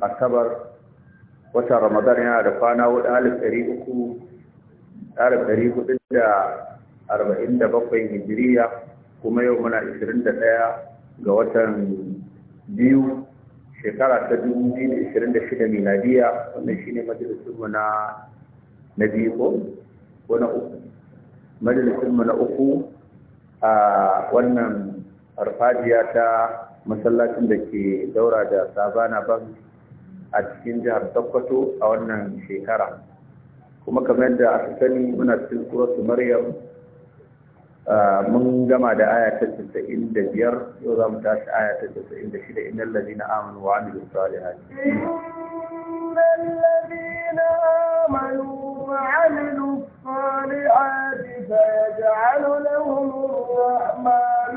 asabar wata ramadan yana da kwana hudu alif ɗari uku alif ɗari hudu da arba'in da bakwai hijiriya kuma yau muna ishirin da ɗaya ga watan biyu shekara ta dubu biyu da ishirin da shida miladiya wannan shine majalisunmu na na biyu ko na uku majalisunmu na uku a wannan farfajiya ta masallacin da ke daura da sabana bank a cikin jihar Sokoto a wannan shekara kuma kamar yadda aka sani muna cikin suratu Maryam ah, mun gama da aya ta 95 yau za mu tashi aya ta 96 innal ladina amanu wa amilus salihati innal ladina amanu wa amilus salihati sayaj'alu lahum rahmanu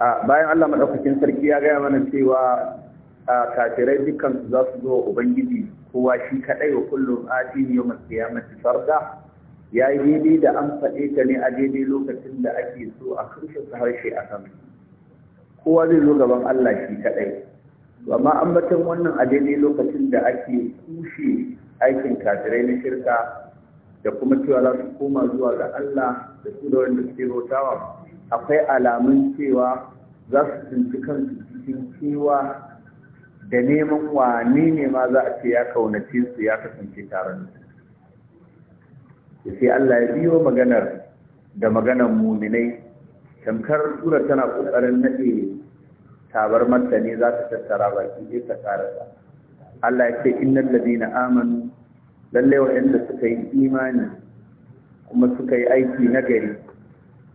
bayan Allah maɗaukakin sarki ya gaya mana cewa kafirai dukkan su za su zo ubangiji kowa shi kaɗai wa kullum atini yawmal qiyamati farda ya yi daidai da an faɗe ta ne a daidai lokacin da ake so a kurshe su harshe a sama kowa zai zo gaban Allah shi kaɗai amma an wannan a daidai lokacin da ake kushe aikin kafirai na shirka da kuma cewa za su koma zuwa ga Allah da su da wanda suke bautawa akwai alamun cewa za su tsinci kansu cikin kewa da neman wani ne ma za a ce ya kaunace su ya kasance tare da su sai Allah ya biyo maganar da maganar muminai tamkar tura tana kokarin nade tabar mata ne za ta tattara ba ki je ta karasa Allah ya ce innal ladina amanu lalle da suka yi imani kuma suka yi aiki nagari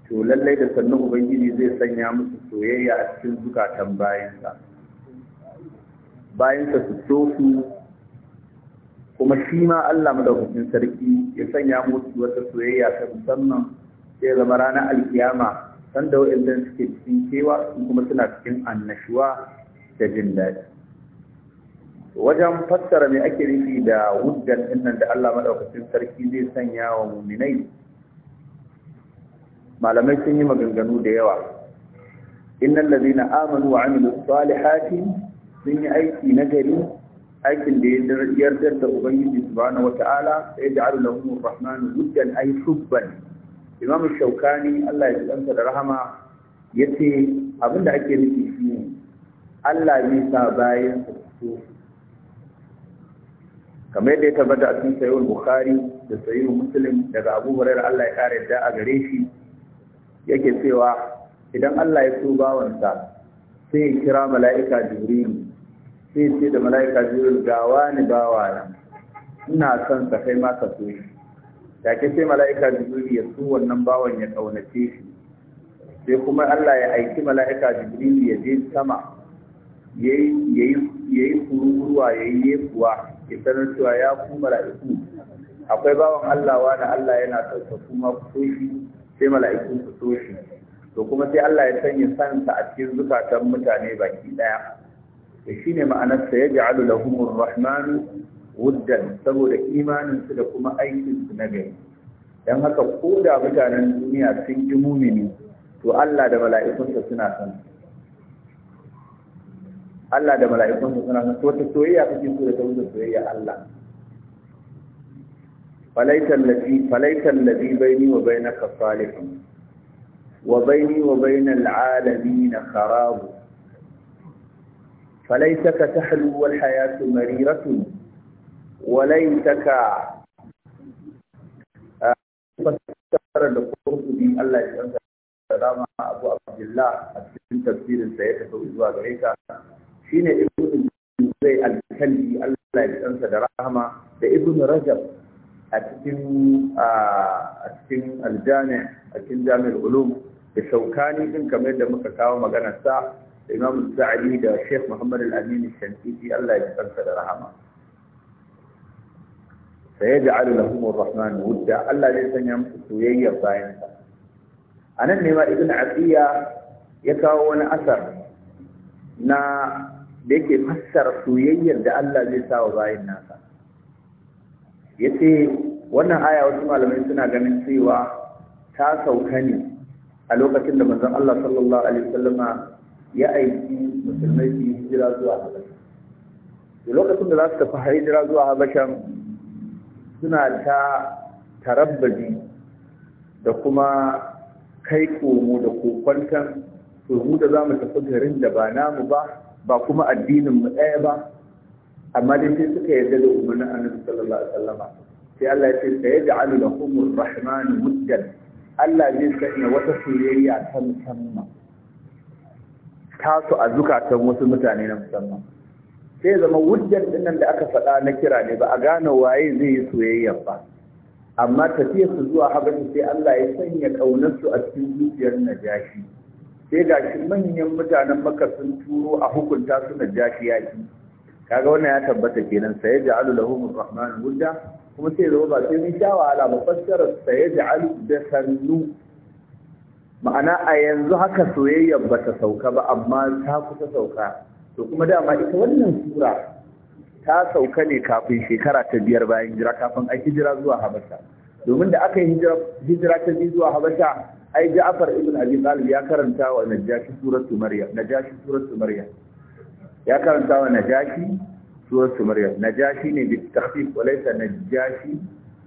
to lallai da sannan ubangiji zai sanya musu soyayya a cikin zukatan bayansa bayansa su so su kuma shi ma Allah madaukakin sarki ya sanya musu wata soyayya ta musamman sai zama ranar alkiyama sanda wa'annan suke cikin kewa kuma suna cikin annashuwa da jin daɗi wajen fassara mai ake nufi da wujjan innan da Allah madaukakin sarki zai sanya wa muminai malamai sun yi maganganu da yawa innal ladina amanu wa amilus salihati sun yi aiki na gari aikin da ya yardar da ubangiji subhanahu wata'ala sai da alu lahum rahmanu wuddan ay hubban imam shaukani Allah ya tsanta da rahama yace abinda ake nufi shine Allah ya sa bayan su kamar yadda ya tabbata a cikin sayyid bukhari da sayyid muslim daga abu hurairah Allah ya kare da a gare shi yake cewa idan Allah ya so bawansa sai ya kira mala'ika jibril sai ce da mala'ika jibril ga wani bawa nan ina son ka kai ma ka so da ke sai mala'ika jibril ya so wannan bawan ya kaunace shi sai kuma Allah ya aiki mala'ika jibril ya je sama yayi yayi kururuwa yayi yekuwa ya sanar cewa ya ku mala'iku akwai bawan Allah wani Allah yana sauka kuma ku so shi sai mala'iku su so shi to kuma sai Allah ya sanya sansa a cikin zukatan mutane baki daya da shine ma'anar sa yaj'alu lahumur rahman wuddan saboda imanin su da kuma aikin su na gari dan haka ko da mutanen duniya sun ji mumini to Allah da sa suna san Allah da sa suna san to ta soyayya kake so da ta soyayya Allah فليت الذي بيني وبينك صالح وبيني وبين العالمين خراب فليتك تحلو والحياة مريرة وليتك فسر القرطبي الله يسلمك سلام أبو عبد الله أحسن تفسير سيئة وإزواء غريكا شين ابن زي الكلبي الله يسلمك رحمة ابن رجب a cikin a cikin aljami a cikin jami'ar ulum da shaukani din kamar yadda muka kawo maganar sa da imam da sheikh muhammad al-amin shankiti Allah ya tsanta da rahama sayaj'alu lahum ar-rahman wudda Allah zai sanya musu soyayya bayan sa anan ne ma ibn Asiya ya kawo wani asar na da yake fassara soyayyar da Allah zai sa wa bayan nasa ya ce wannan aya wasu malamai suna ganin cewa ta sauka ne a lokacin da manzon Allah sallallahu alaihi wasallam ya aiki musulmai su yi hijira zuwa Habasha. Lokacin da za su tafi hijira zuwa habasha suna ta tarabbaji da kuma kai komo da kokwantan mu da za mu tafi garin da ba namu ba ba kuma addinin mu ɗaya ba amma dai sai suka yarda da umarnin annabi sallallahu alaihi wasallam sai Allah ya ce da lahumur rahman muddan Allah zai sanya wata soyayya ta musamman tasu a zukatan wasu mutane na musamman sai zama wujjan nan da aka faɗa na kira ne ba a gane waye zai yi soyayya ba amma tafiyar su zuwa habasha sai Allah ya sanya kaunarsu a cikin zuciyar najashi sai shi manyan mutanen maka sun turo a hukunta su najashi yaki kaga wannan ya tabbata kenan sai ya ja'alu lahum arrahman wudda kuma sai zama ba sai mun sha wahala ba fassara sai ya ja'alu da sannu ma'ana a yanzu haka soyayya ba ta sauka ba amma ta kusa sauka to kuma da ma ita wannan sura ta sauka ne kafin shekara ta biyar bayan hijira kafin a hijira zuwa habasha domin da aka yi hijira ta biyu zuwa habasha ai ja'far ibn abi talib ya karanta wa najashi suratu maryam najashi suratu maryam ya karanta wa najashi suwar sumariya najashi ne bi tafi walaita najashi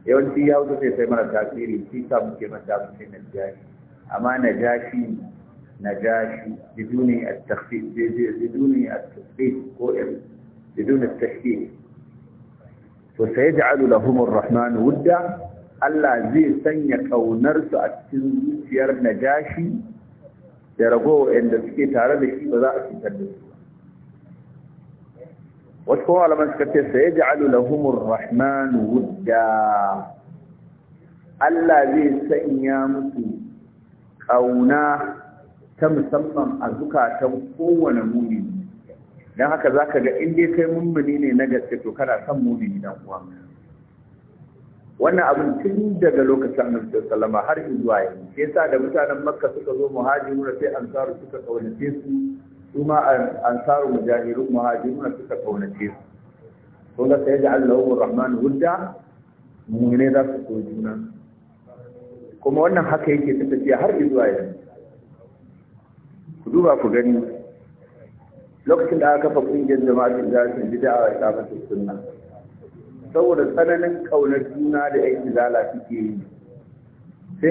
yawanci ya wuce sai sai mara tasiri shi sa muke mata mutum najashi amma najashi najashi biduni at-takhfif biduni at-tasbih ko biduni at-tashdid to sayaj'alu lahum ar-rahman wudda Allah zai sanya su a cikin zuciyar najashi da ragowa inda suke tare da shi ba za a fitar da su wasu kuma alaman suka ce sai ji alulahumur rahmanu wudda Allah zai sanya musu ƙauna ta musamman a zukatan kowane mumini don haka za ka ga inda kai mummuni ne na gaske to kana son mumini don kuwa? wannan abin tun daga lokacin annabi sallama har zuwa yanzu sai sa da mutanen makka suka zo muhajiruna sai ansaru suka kaunace su su ma ansaru mujahirun muhajiruna suka kaunace su to da sai da wa Rahman wudda mu'mine za su so juna kuma wannan haka yake ta tafiya har zuwa yanzu ku duba ku gani lokacin da aka kafa kungiyar jama'atin bi bid'a wa iqamatus sunna saboda tsananin kaunar juna da aiki zala suke yi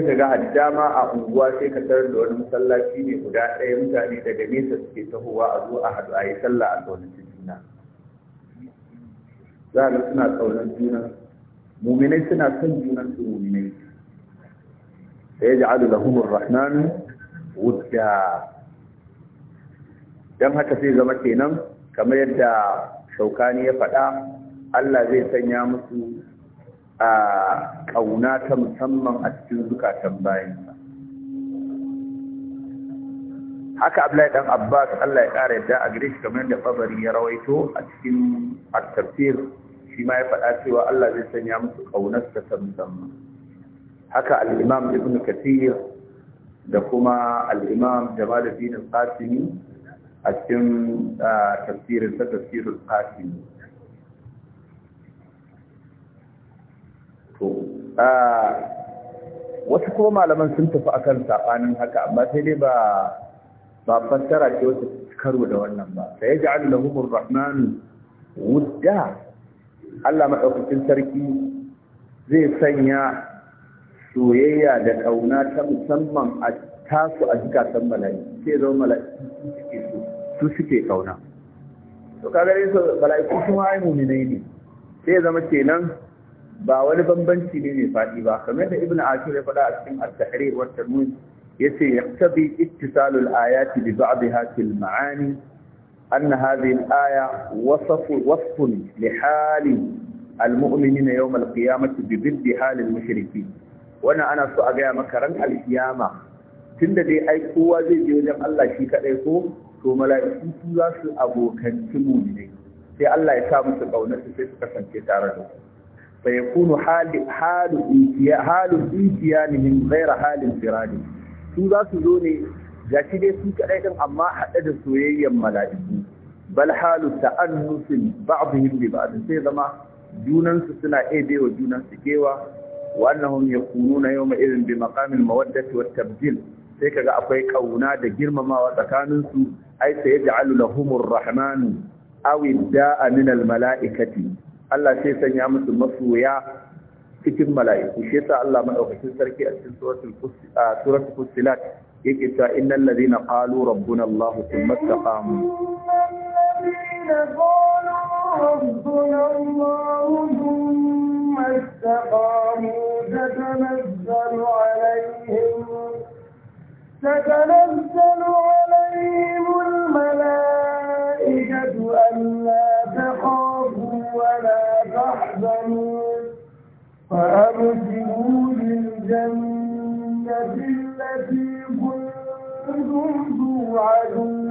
sai ka ga dama a unguwa sai ka tarar da wani masallaci ne guda ɗaya mutane daga nesa suke tahowa a zo a haɗu a yi sallah a tsaunaci juna za ga suna tsaunan juna muminai suna son junan su muminai sai ya da humar rahmanu wudda dan haka sai zama kenan kamar yadda shaukani ya faɗa Allah zai sanya musu a ƙauna ta musamman a cikin zukatan bayansa haka Abdullahi ɗan Abbas Allah ya ƙara yadda a gare shi kamar da ɓabari ya rawaito a cikin at shi ma ya faɗa cewa Allah zai sanya musu ƙaunarsa ta musamman haka Al'imam Ibn Kathir da kuma Al'imam imam Dinin a cikin tafsirin ah, ta tafsirin Qasimi to wasu kuma malaman sun tafi a kan saɓanin haka amma sai dai ba ba fassara ce wata karo da wannan ba sai ya da hukun rahman wudda Allah maɗaukacin sarki zai sanya soyayya da ƙauna ta musamman a tasu a zukatan mala'iku sai zama mala'iku suke su suke kauna to kaga dai mala'iku sun ne sai zama kenan ba wani bambanci ne mai faɗi ba kamar da ibnu ashur ya faɗa a cikin at-tahrir wa tanwin yace yaktabi ittisalul ayati bi ba'dha fil ma'ani أن هذه الآية وصف وصف لحال المؤمنين يوم القيامة بضد ana so a أنا سأجا مكرن القيامة tunda dai ai kowa zai je wajen Allah shi kadai ko to mala'iku su za su abokan mu ne sai Allah ya sa musu kaunar su sai su kasance tare da su فيكون حال حال حال إيتيانهم غير حال انفرادهم su za su zo ne ga shi dai su kaɗai ɗin amma haɗe da soyayyen mala'iku bal halu ta'annusin ba'dihim bi ba'd sai zama junansu suna ebe wa junansu kewa ya kunu na yawma irin bi maqamil mawaddati wat tabdil sai kaga akwai ƙauna da girmamawa tsakaninsu ai sai yaj'alu lahumur rahmanu aw idda'a min al mala'ikati Allah sai sanya musu masoya cikin mala'iku shi yasa Allah madaukakin sarki a cikin suratul suratul fussilat yake cewa innal ladina qalu rabbuna Allah thumma istaqamu ربنا الله ثم استقاموا تتنزل عليهم تتنزل عليهم الملائكة ألا تخافوا فلا تحزنوا فأبشروا بالجنة التي كنتم توعدون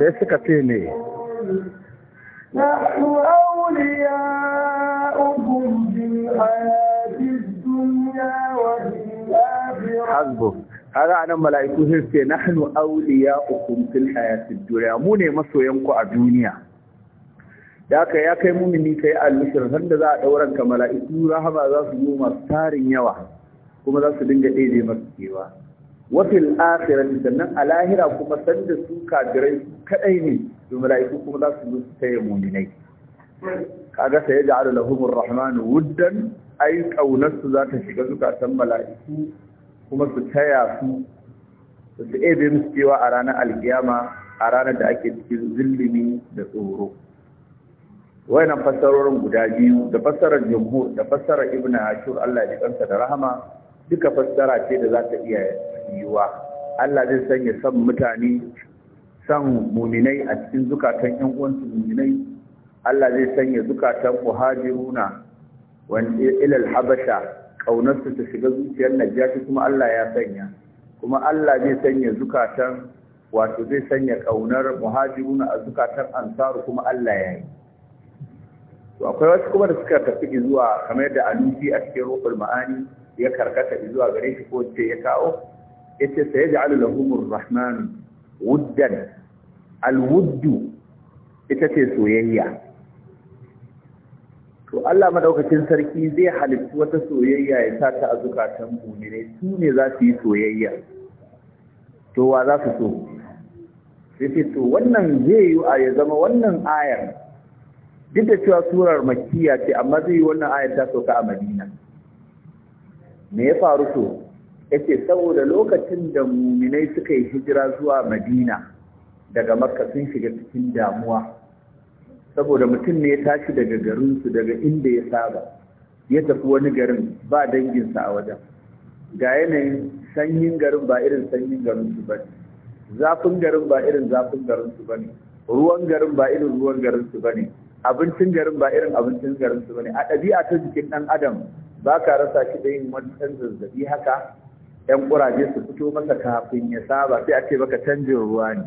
نحن أولياؤكم في الحياة الدنيا وفي الآخرة حسبك هذا أنا ملائكة نحن أولياؤكم في الحياة الدنيا مو ne ينقوا الدنيا da aka ya kai mumini kai al-mushrik sanda za a dauran ka mala'iku rahama za su zo masu tarin yawa kuma za su dinga daidai masu kewa wafil sannan a lahira kuma sanda su kafirai su kadai ne to mala'iku kuma za su zo su taya muminai kaga sai ya lahumur rahmanu wuddan ƙaunar su za ta shiga zukatan mala'iku kuma su taya su su ebe musu cewa a ranar alkiyama a ranar da ake cikin zulumi da tsoro wayannan fassarorin guda biyu da fassarar jumhur da fassarar ibnu ashur Allah ya kansa da rahama duka fassara ce da za ta iya yiwa Allah zai sanya san mutane san muminai a cikin zukatan yan uwansu muminai Allah zai sanya zukatan muhajiruna wanda ilal habasha ƙaunarsu ta shiga zuciyar najashi kuma Allah ya sanya kuma Allah zai sanya zukatan wato zai sanya ƙaunar muhajiruna a zukatan ansaru kuma Allah ya yi to akwai wasu kuma da suka tafi zuwa kamar yadda alusi a cikin rukul ma'ani ya karkata zuwa gare shi ko ce ya kawo Ya ce, sai da alu lahumur rahman wuddan alwuddu ita ce soyayya to Allah madaukakin sarki zai halittu wata soyayya ya sa ta a zukatan mu'mine su ne za su yi soyayya to wa za su so sai to wannan zai yi a ya zama wannan ayar duk da cewa surar makkiya ce amma zai yi wannan ayar ta sauka a madina me ya faru to ce saboda lokacin da muminai suka yi hijira zuwa madina daga makka sun shiga cikin damuwa saboda mutum ne ya tashi daga garinsu daga inda ya saba ya tafi wani garin ba danginsa a wajen ga yanayin sanyin garin ba irin sanyin garinsu ba ne zafin garin ba irin zafin garinsu ba ne ruwan garin ba irin ruwan garinsu ba ne abincin garin ba irin abincin garin su bane a ɗabi'a ta jikin ɗan adam ba ka rasa shi da yin wani ɗan zazzabi haka ɗan ƙuraje su fito masa kafin ya saba sai a ce baka canjin ruwa ne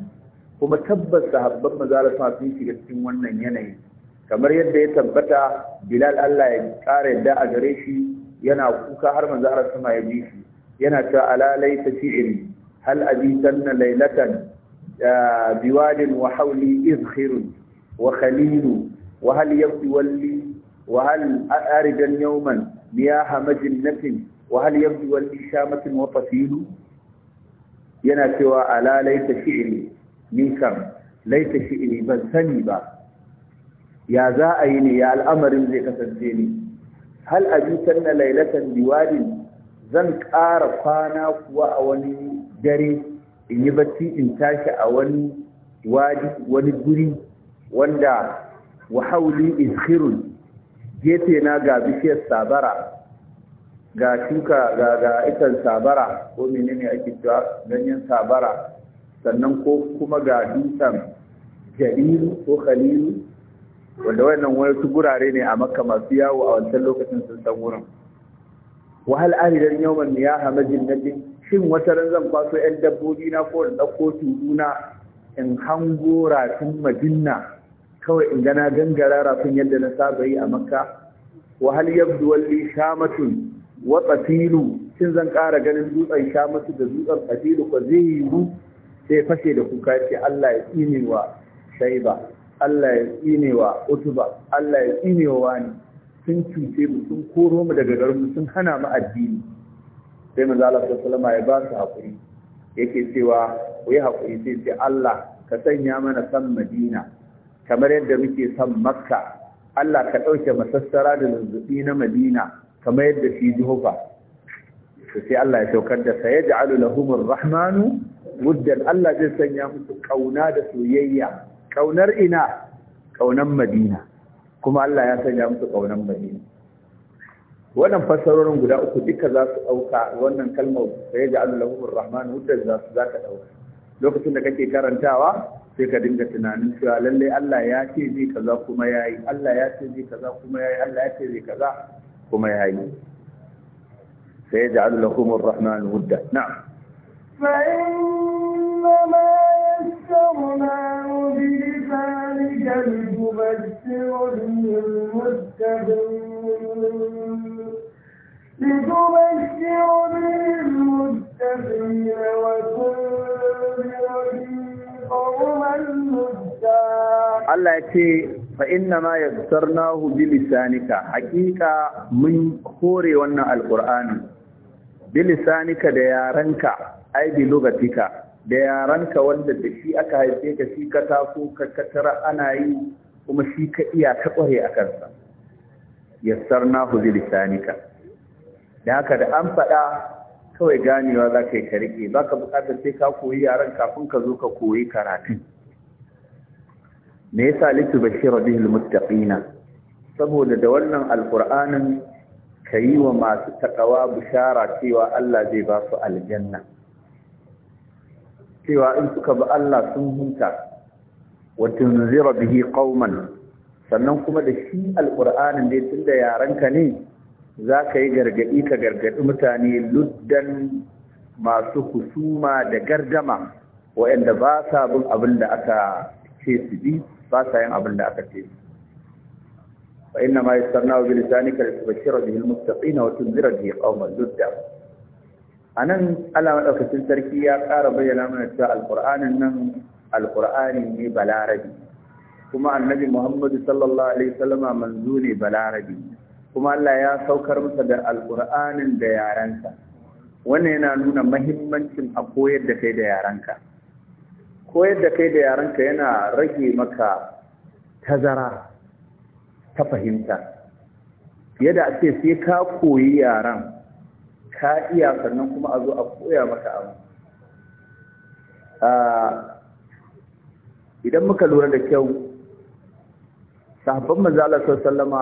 kuma tabbas sahabban mazara suna sun shiga cikin wannan yanayi kamar yadda ya tabbata bilal Allah ya ƙara yadda a gare shi yana kuka har manzara sama ya ji shi yana ta alalai ta shi'iri hal abitanna lailatan ah, biwadin wa hauli izhirun wa khalilu وهل يبدي ولي وهل أردا يوما مياه مجنة وهل يبدي ala laita shi'ri ni kam laita shi'ri ban sani ba ya za a yi ne ya al'amarin zai kasance ne hal ajutan na lailatan diwadin zan ƙara kwana kuwa a wani dare in yi bacci in tashi a wani wadi guri wanda wa hauli izhirun gefe na ga bishiyar sabara ga shuka ga ga itan sabara ko menene ake cewa ganyen sabara sannan ko kuma ga dutsen jariru ko khalilu wanda wannan wasu gurare ne a makka masu yawo a wancan lokacin sun san wurin wahal ahidan yawon ya hamajin najin shin wata ran zan kwaso yan dabbobi na ko in ɗauko tuduna in hango rafin madinna kawai in gana gangara rafin yadda na saba yi a makka wa hal yabdu walli shamatun wa qatilu shin zan ƙara ganin dutsen shamatu da dutsen qatilu ko zai yiwu sai fashe da kuka ce Allah ya tsine wa shaiba Allah ya tsine wa utuba Allah ya tsine wa wani sun cuce mu sun koro mu daga garin sun hana mu addini sai manzo Allah sallallahu alaihi ya ba su hakuri yake cewa ku yi hakuri sai ce Allah ka sanya mana san Madina kamar yadda muke son makka Allah ka ɗauke masassara da zazzaɓi na madina kamar yadda shi jihofa to sai Allah ya saukar da sa ya ja'alu lahumur rahmanu muddan Allah zai sanya musu ƙauna da soyayya Ƙaunar ina kaunan madina kuma Allah ya sanya musu kaunan madina wannan fassarorin guda uku duka za su ɗauka wannan kalmar sai ya ja'alu lahumur rahmanu muddan za su za ka ɗauka lokacin da kake karantawa sai ka dinga tunanin cewa lallai Allah ya ce zai kaza kuma ya yi Allah ya ce zai kaza kuma ya yi Allah ya ce zai kaza kuma ya yi sai ya ja'alu lakum ar-rahman wudda na'am fa ma yastarna bi lisanika litubashshiru al-muttaqin litubashshiru al-muttaqin wa tunziru Allah ya ce fa inna ma yassarnahu bi lisanika hakika mun kore wannan alqur'ani bi lisanika da yaranka ai bi lugatika da yaranka wanda da shi aka haife ka shi ka taso ka katara ana yi kuma shi ka iya ka kware a kansa yassarnahu bi lisanika da haka da an faɗa kawai ganewa za ka yi ka za ba ka buƙatar sai ka koyi yaran kafin ka zo ka koyi karatun me yasa litu bashira bihi almuttaqina saboda da wannan alqur'anin kayi wa masu takawa bishara cewa Allah zai ba su aljanna cewa in suka bi Allah sun hunta wa tunzira bihi qauman sannan kuma da shi alqur'anin dai tunda yaranka ne za ka yi gargaɗi ka gargaɗi mutane luddan masu husuma da gardama waɗanda ba sa bin abin da aka ce su bi ba sa yin abin da aka ce su fa inna ma yasarna bi lisanika litubashshira bihi almuttaqina wa tunzira bihi qauman ludda anan Allah madaukakin sarki ya ƙara bayyana mana cewa alqur'anin nan alqur'ani ne balarabi kuma annabi Muhammad sallallahu alaihi wasallama manzo ne balarabi kuma Allah ya saukar masa da alƙur'anin da yarenka wannan yana nuna mahimmancin a koyar da kai da yarenka koyar da kai da yarenka yana rage maka tazara ta fahimta fiye da ake sai ka koyi yaren ka iya sannan kuma a zo a koya maka abu ah, idan muka lura da kyau sahabban manzo Allah sallama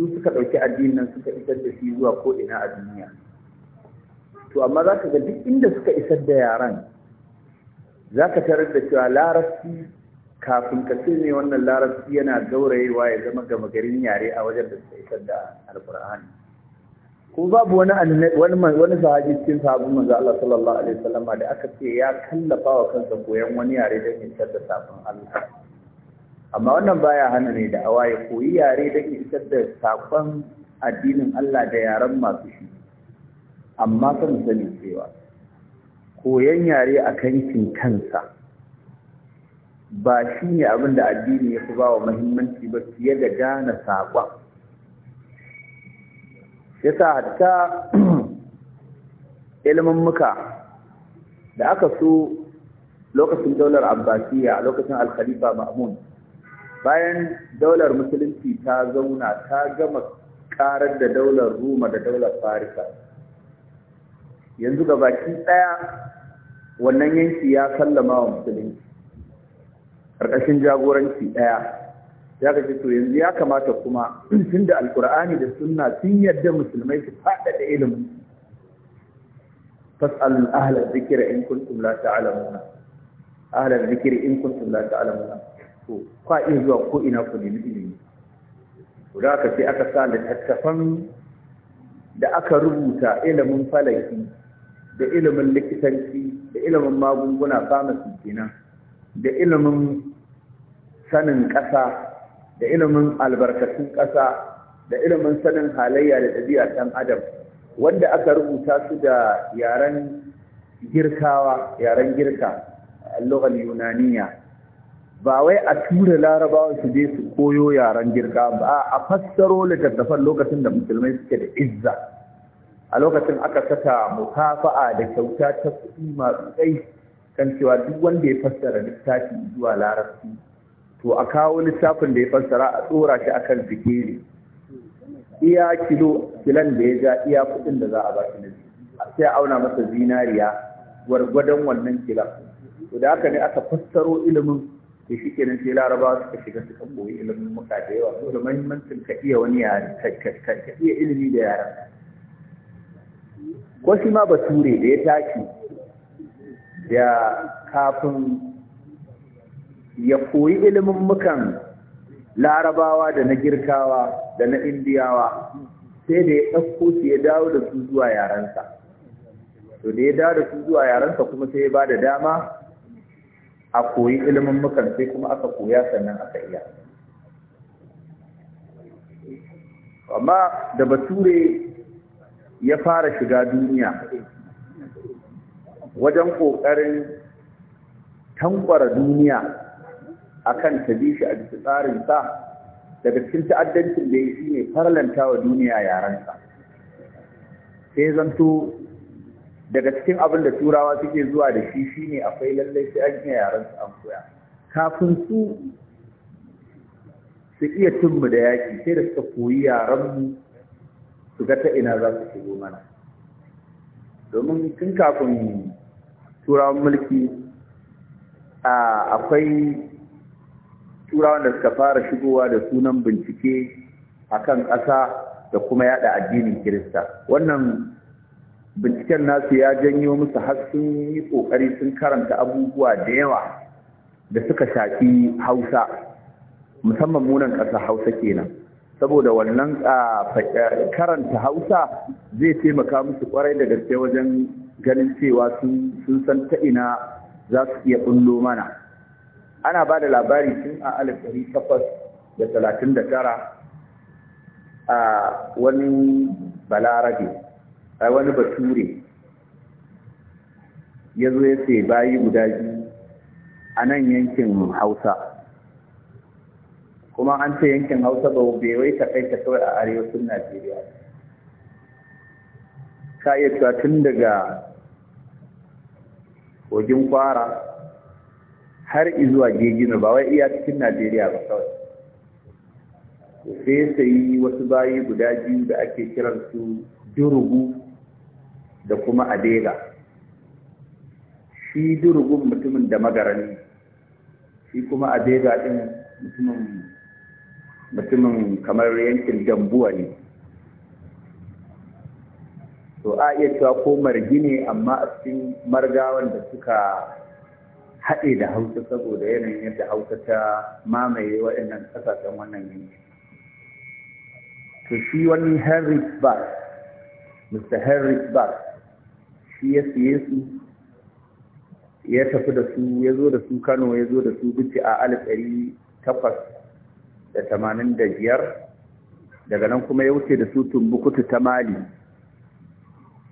su suka ɗauki addinin nan suka isar da shi zuwa ko ina a duniya to amma za ka ga duk inda suka isar da yaran za ka tarar da cewa larabci kafin ka ne wannan larabci yana gaurayewa ya zama gama garin yare a wajen da suka isar da alkur'ani ko babu wani wani wani sahabi cikin sahabin manzo Allah sallallahu alaihi wasallam da aka ce ya kallafa wa kansa koyan wani yare don isar da sabon Allah amma wannan baya hana ne da awa ya koyi yare da ke isar da sakon addinin Allah da yaren masu shi amma kan sani cewa koyon yare a kankin kansa ba shi ne abin da addini ya fi ba wa mahimmanci ba fiye da gane saƙon ya sa hatta ilmammuka da aka so lokacin daular abbasiya lokacin alkhalifa ma'amun bayan daular musulunci ta zauna ta gama karar da daular roma da daular farisa yanzu ga baki ɗaya wannan yanki ya sallama wa musulunci ƙarƙashin jagoranci ɗaya ya kace to yanzu ya kamata kuma tun da alkur'ani da sunna sun yadda musulmai su faɗaɗa ilimin Fasal ahla dhikra in kuntum la ta'lamuna ahla zikri in kuntum la ta'lamuna to kwa iya zuwa ko ina ku nemi ilimi to aka ce aka sa littattafan da aka rubuta ilimin falaki da ilimin likitanci da ilimin magunguna pharmacy kenan da ilimin sanin ƙasa da ilimin albarkatun ƙasa da ilimin sanin halayya da ɗabi'a ɗan adam wanda aka rubuta su da yaren girkawa yaren girka a lughal yunaniya ba wai a tura larabawa su je su koyo yaren girka ba a fassaro littattafan lokacin da musulmai suke da izza a lokacin aka saka mukafa'a da kyauta ta kuɗi masu kai kan cewa duk wanda ya fassara littafi zuwa larabci to a kawo littafin da ya fassara a tsora shi akan zikiri iya kilo kilan da ya ja iya kuɗin da za a ba shi na sai a auna masa zinariya gwargwadon wannan kilan to da haka ne aka fassaro ilimin to shi kenan sai larabawa suka shiga suka boye ilimin muka da yawa saboda mahimmancin ka iya wani yare ka iya ilimi da yaren ko shi ma bature da ya tashi da kafin ya koyi ilimin mukan larabawa da na girkawa da na indiyawa sai da ya ɗauko su ya dawo da su zuwa yarensa to da ya dawo da su zuwa yarensa kuma sai ya ba da dama a koyi ilimin mukan sai kuma aka koya sannan aka iya amma da bature ya fara shiga duniya wajen ƙoƙarin tankwara duniya akan ta bi shi a jiki tsarinsa daga cikin ta'addancin da ya shi ne farlanta wa duniya yarensa sai zanto daga cikin abin da turawa suke zuwa da shi shi ne akwai lallai sai an iya yaran su an koya kafin su su iya tunmu da yaƙi sai da suka koyi yaranmu su ga ta ina za su shigo mana domin tun kafin turawan mulki akwai turawan da suka fara shigowa da sunan bincike akan ƙasa da kuma yada addinin kirista wannan binciken nasu ya janyo musu har sun yi ƙoƙari sun karanta abubuwa da yawa da suka shafi hausa musamman munan ƙasa hausa kenan saboda wannan karanta hausa zai taimaka musu kwarai da gaske wajen ganin cewa sun san ta ina za su iya bullo mana ana ba da labari tun a alif ɗari takwas da talatin da tara a wani balarabe ai wani bature ya zo ya ce bayi guda biyu a nan yankin hausa kuma an ce yankin hausa ba bai wai ta kai ta kawai a arewacin najeriya ka iya cewa tun daga kogin kwara har izuwa gegina ba wai iya cikin najeriya ba kawai sai wasu bayi guda biyu da ake kiransu durugu da kuma adega shi durugun mutumin da magarani shi kuma adega din mutumin mutumin kamar yankin dambuwa ne to a iya cewa ko margi ne amma a cikin margawan da suka haɗe da hausa saboda yanayin yadda hausa ta mamaye waɗannan ƙasashen wannan yanki to shi wani henrik bar mr henrik bar shi ya siye su ya tafi da su ya zo da su kano ya zo da su bici a alif ɗari takwas da tamanin da biyar daga nan kuma ya wuce da su tumbukutu ta mali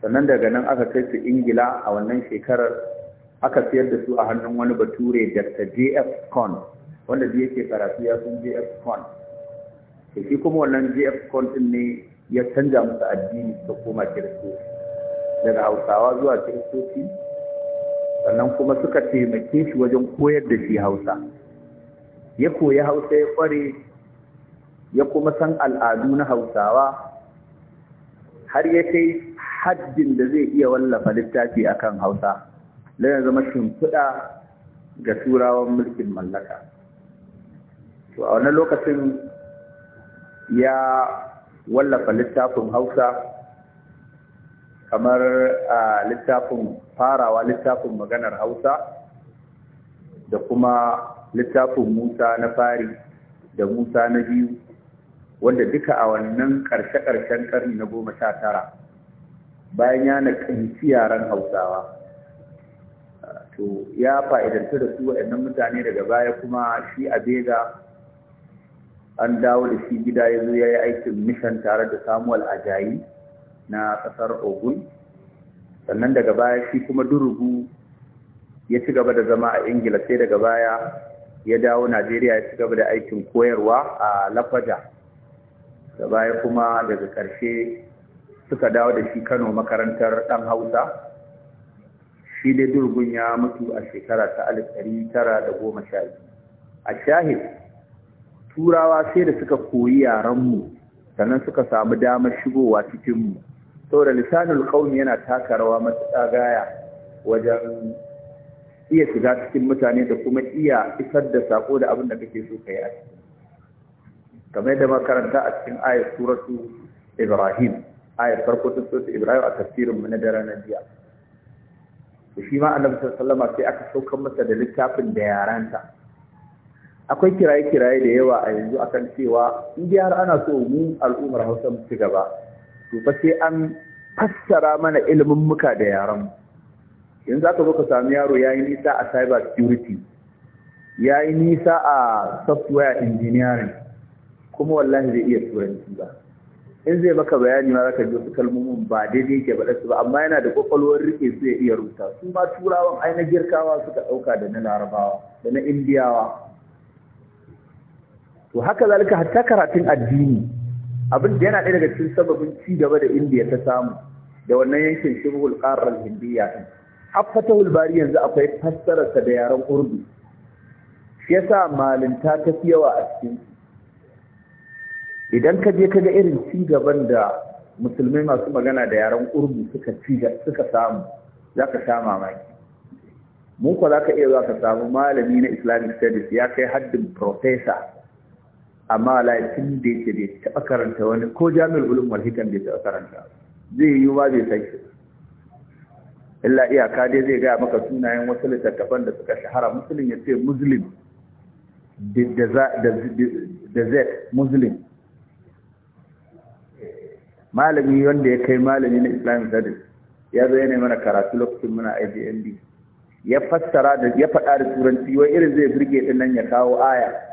sannan daga nan aka kai su ingila a wannan shekarar aka siyar da su a hannun wani bature dr jf con wanda da yake karatu ya sun jf con shi kuma wannan jf con din ne ya canja musu addini suka koma kiristoci daga hausawa zuwa kiristoci sannan kuma suka taimake shi wajen koyar da shi hausa ya koyi hausa ya kware ya kuma san al'adu na hausawa har ya kai haddin da zai iya wallafa littafi a kan hausa da ya zama shimfiɗa ga turawan mulkin mallaka to a wani lokacin ya wallafa littafin hausa kamar littafin farawa littafin maganar hausa da kuma littafin musa na fari da musa na biyu wanda duka a wannan ƙarshe-ƙarshen ƙarni na goma sha tara bayan ya na ƙanci yaren hausawa to ya fa'idanta da su waɗannan mutane daga baya kuma shi a bega an dawo da shi gida ya zo ya yi aikin mishan tare da samuwal ajayi na ƙasar ogun sannan daga baya shi kuma durugu ya ci gaba da zama a ingila sai daga baya ya dawo najeriya ya ci gaba da aikin koyarwa a lafaja da baya kuma daga karshe suka dawo da shi kano makarantar ɗan hausa shi dai durugun ya mutu a shekara ta alif ɗari tara da goma sha biyu a shahid turawa sai da suka koyi yaranmu sannan suka samu damar shigowa cikinmu da lisanul qaumi yana taka rawa matuƙa gaya wajen iya shiga cikin mutane da kuma iya isar da sako da abin da kake so kai a cikin kamar da makaranta a cikin ayat suratu Ibrahim ayat farko ta suratu Ibrahim a tafsirin mu na daren jiya. jiya shi ma annabi sallallahu alaihi sai aka saukar masa da littafin da yaranta akwai kiraye-kiraye da yawa a yanzu akan cewa in har ana so mu al'ummar Hausa mu ci gaba to fa sai an fassara mana ilimin muka da yaran yanzu aka zo ka samu yaro yayi nisa a cyber security yayi nisa a software engineering kuma wallahi zai iya turanci ba in zai maka bayani ma zaka ji wasu kalmomin ba daidai yake faɗa su ba amma yana da kwakwalwar rike su ya iya rubuta su ma turawan ai na girkawa suka ɗauka da na larabawa da na indiyawa to haka zalika hatta karatun addini abin da yana ɗaya daga cikin sababin ci gaba da indiya ta samu da wannan yankin shirhul ƙarar hindiya ɗin har fatahul bari yanzu akwai fassararsa da yaren urdu shi yasa malinta ta fi yawa a cikin idan ka je ka ga irin ci gaban da musulmai masu magana da yaren urdu suka samu za ka sha mamaki mu ko za ka iya za ka samu malami na islamic studies ya kai haddin professor amma wallahi tun da yake bai taɓa karanta wani ko jami'ar ulum wal hikam bai taɓa karanta zai yi ba bai sai illa iyaka dai zai gaya maka sunayen wasu littattafan da suka shahara musulun ya ce muslim da z muslim malami wanda ya kai malami na islamic studies ya zo yana mana karatu lokacin muna IJMB ya fassara da ya faɗa da turanci wai irin zai birge ɗin nan ya kawo aya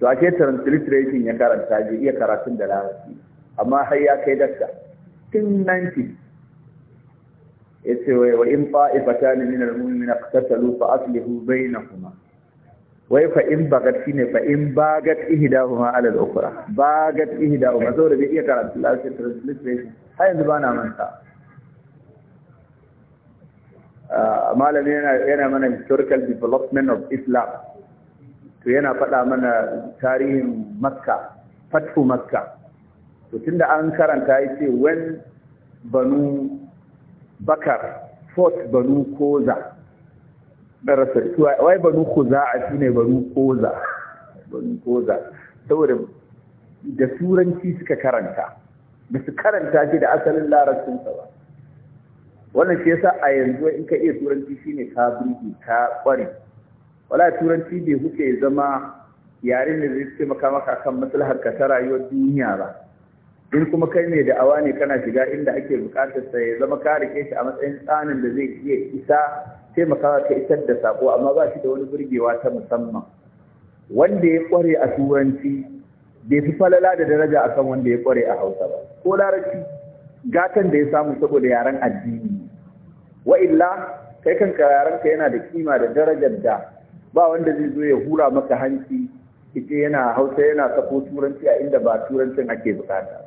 to ake transliteration ya karanta ji iya karatun da larabci amma har ya kai dakka tun 90 yace wai wa in fa'ifatan min al-mu'minina qatatalu fa aslihu bainahuma wai fa in bagat ne fa in bagat ihdahuma ala al-ukhra bagat ihdahuma da bai iya karatu larabci translation har yanzu ba na manta ah, malami yana mana historical development of islam to yana faɗa mana tarihin makka fatu makka to tunda an karanta ya ce when banu bakar fort banu koza darasa wai banu koza a ne banu koza banu koza saboda da turanci suka karanta ba su karanta shi da asalin larabcinsa ba wannan shi yasa a yanzu in ka iya turanci shine ka burge ka kware wala turanci bai huce ya zama yaren da zai taimaka maka kan maslahar ka ta rayuwar duniya ba in kuma kai ne da awa ne kana shiga inda ake bukatar sa ya zama ka rike shi a matsayin tsanin da zai iya isa taimakawa ka isar da sako amma ba shi da wani burgewa ta musamman wanda ya kware a turanci bai fi falala da daraja akan wanda ya kware a hausa ba ko larabci gatan da ya samu saboda yaren addini wa illa kai kanka yarenka yana da kima da darajar da ba wanda zai zo ya hura maka hanci ita yana hausa yana sako turanci a inda ba turancin ake bukata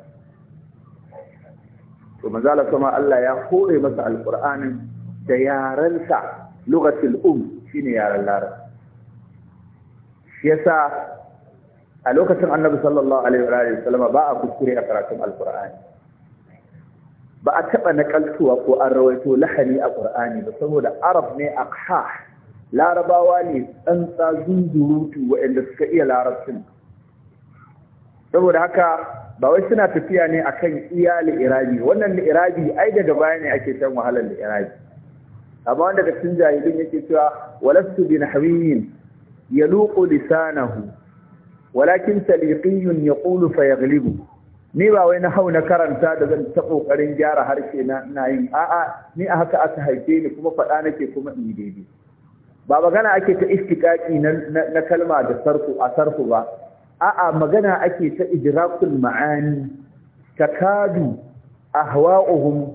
to manzala sama Allah ya hore masa alqur'anin da yarensa lugatul um shine yaren larabci shi yasa a lokacin annabi sallallahu alaihi wa ba a kuskure a karatun alqur'ani ba a taba nakaltuwa ko an rawaito lahani a qur'ani ba saboda arab ne aqhah larabawa ne tsantsa zunzurutu waɗanda suka iya larabcin saboda haka ba wai suna tafiya ne akan iya li'irabi wannan li'irabi ai daga baya ne ake shan wahalar lairabi amma wanda daga cikin jahilin yake cewa walastu bin hawiyin luƙo lisanahu walakin ya yaqulu fa yaghlibu ni ba wai na hau na karanta da zan ta ƙoƙarin gyara harshe na ina yin a'a ni a haka aka haife ni kuma faɗa nake kuma in daidai ba magana ake ta istiqaqi na kalma da sarfu a sarfu ba a'a magana ake ta idrakul ma'ani takadu ahwa'uhum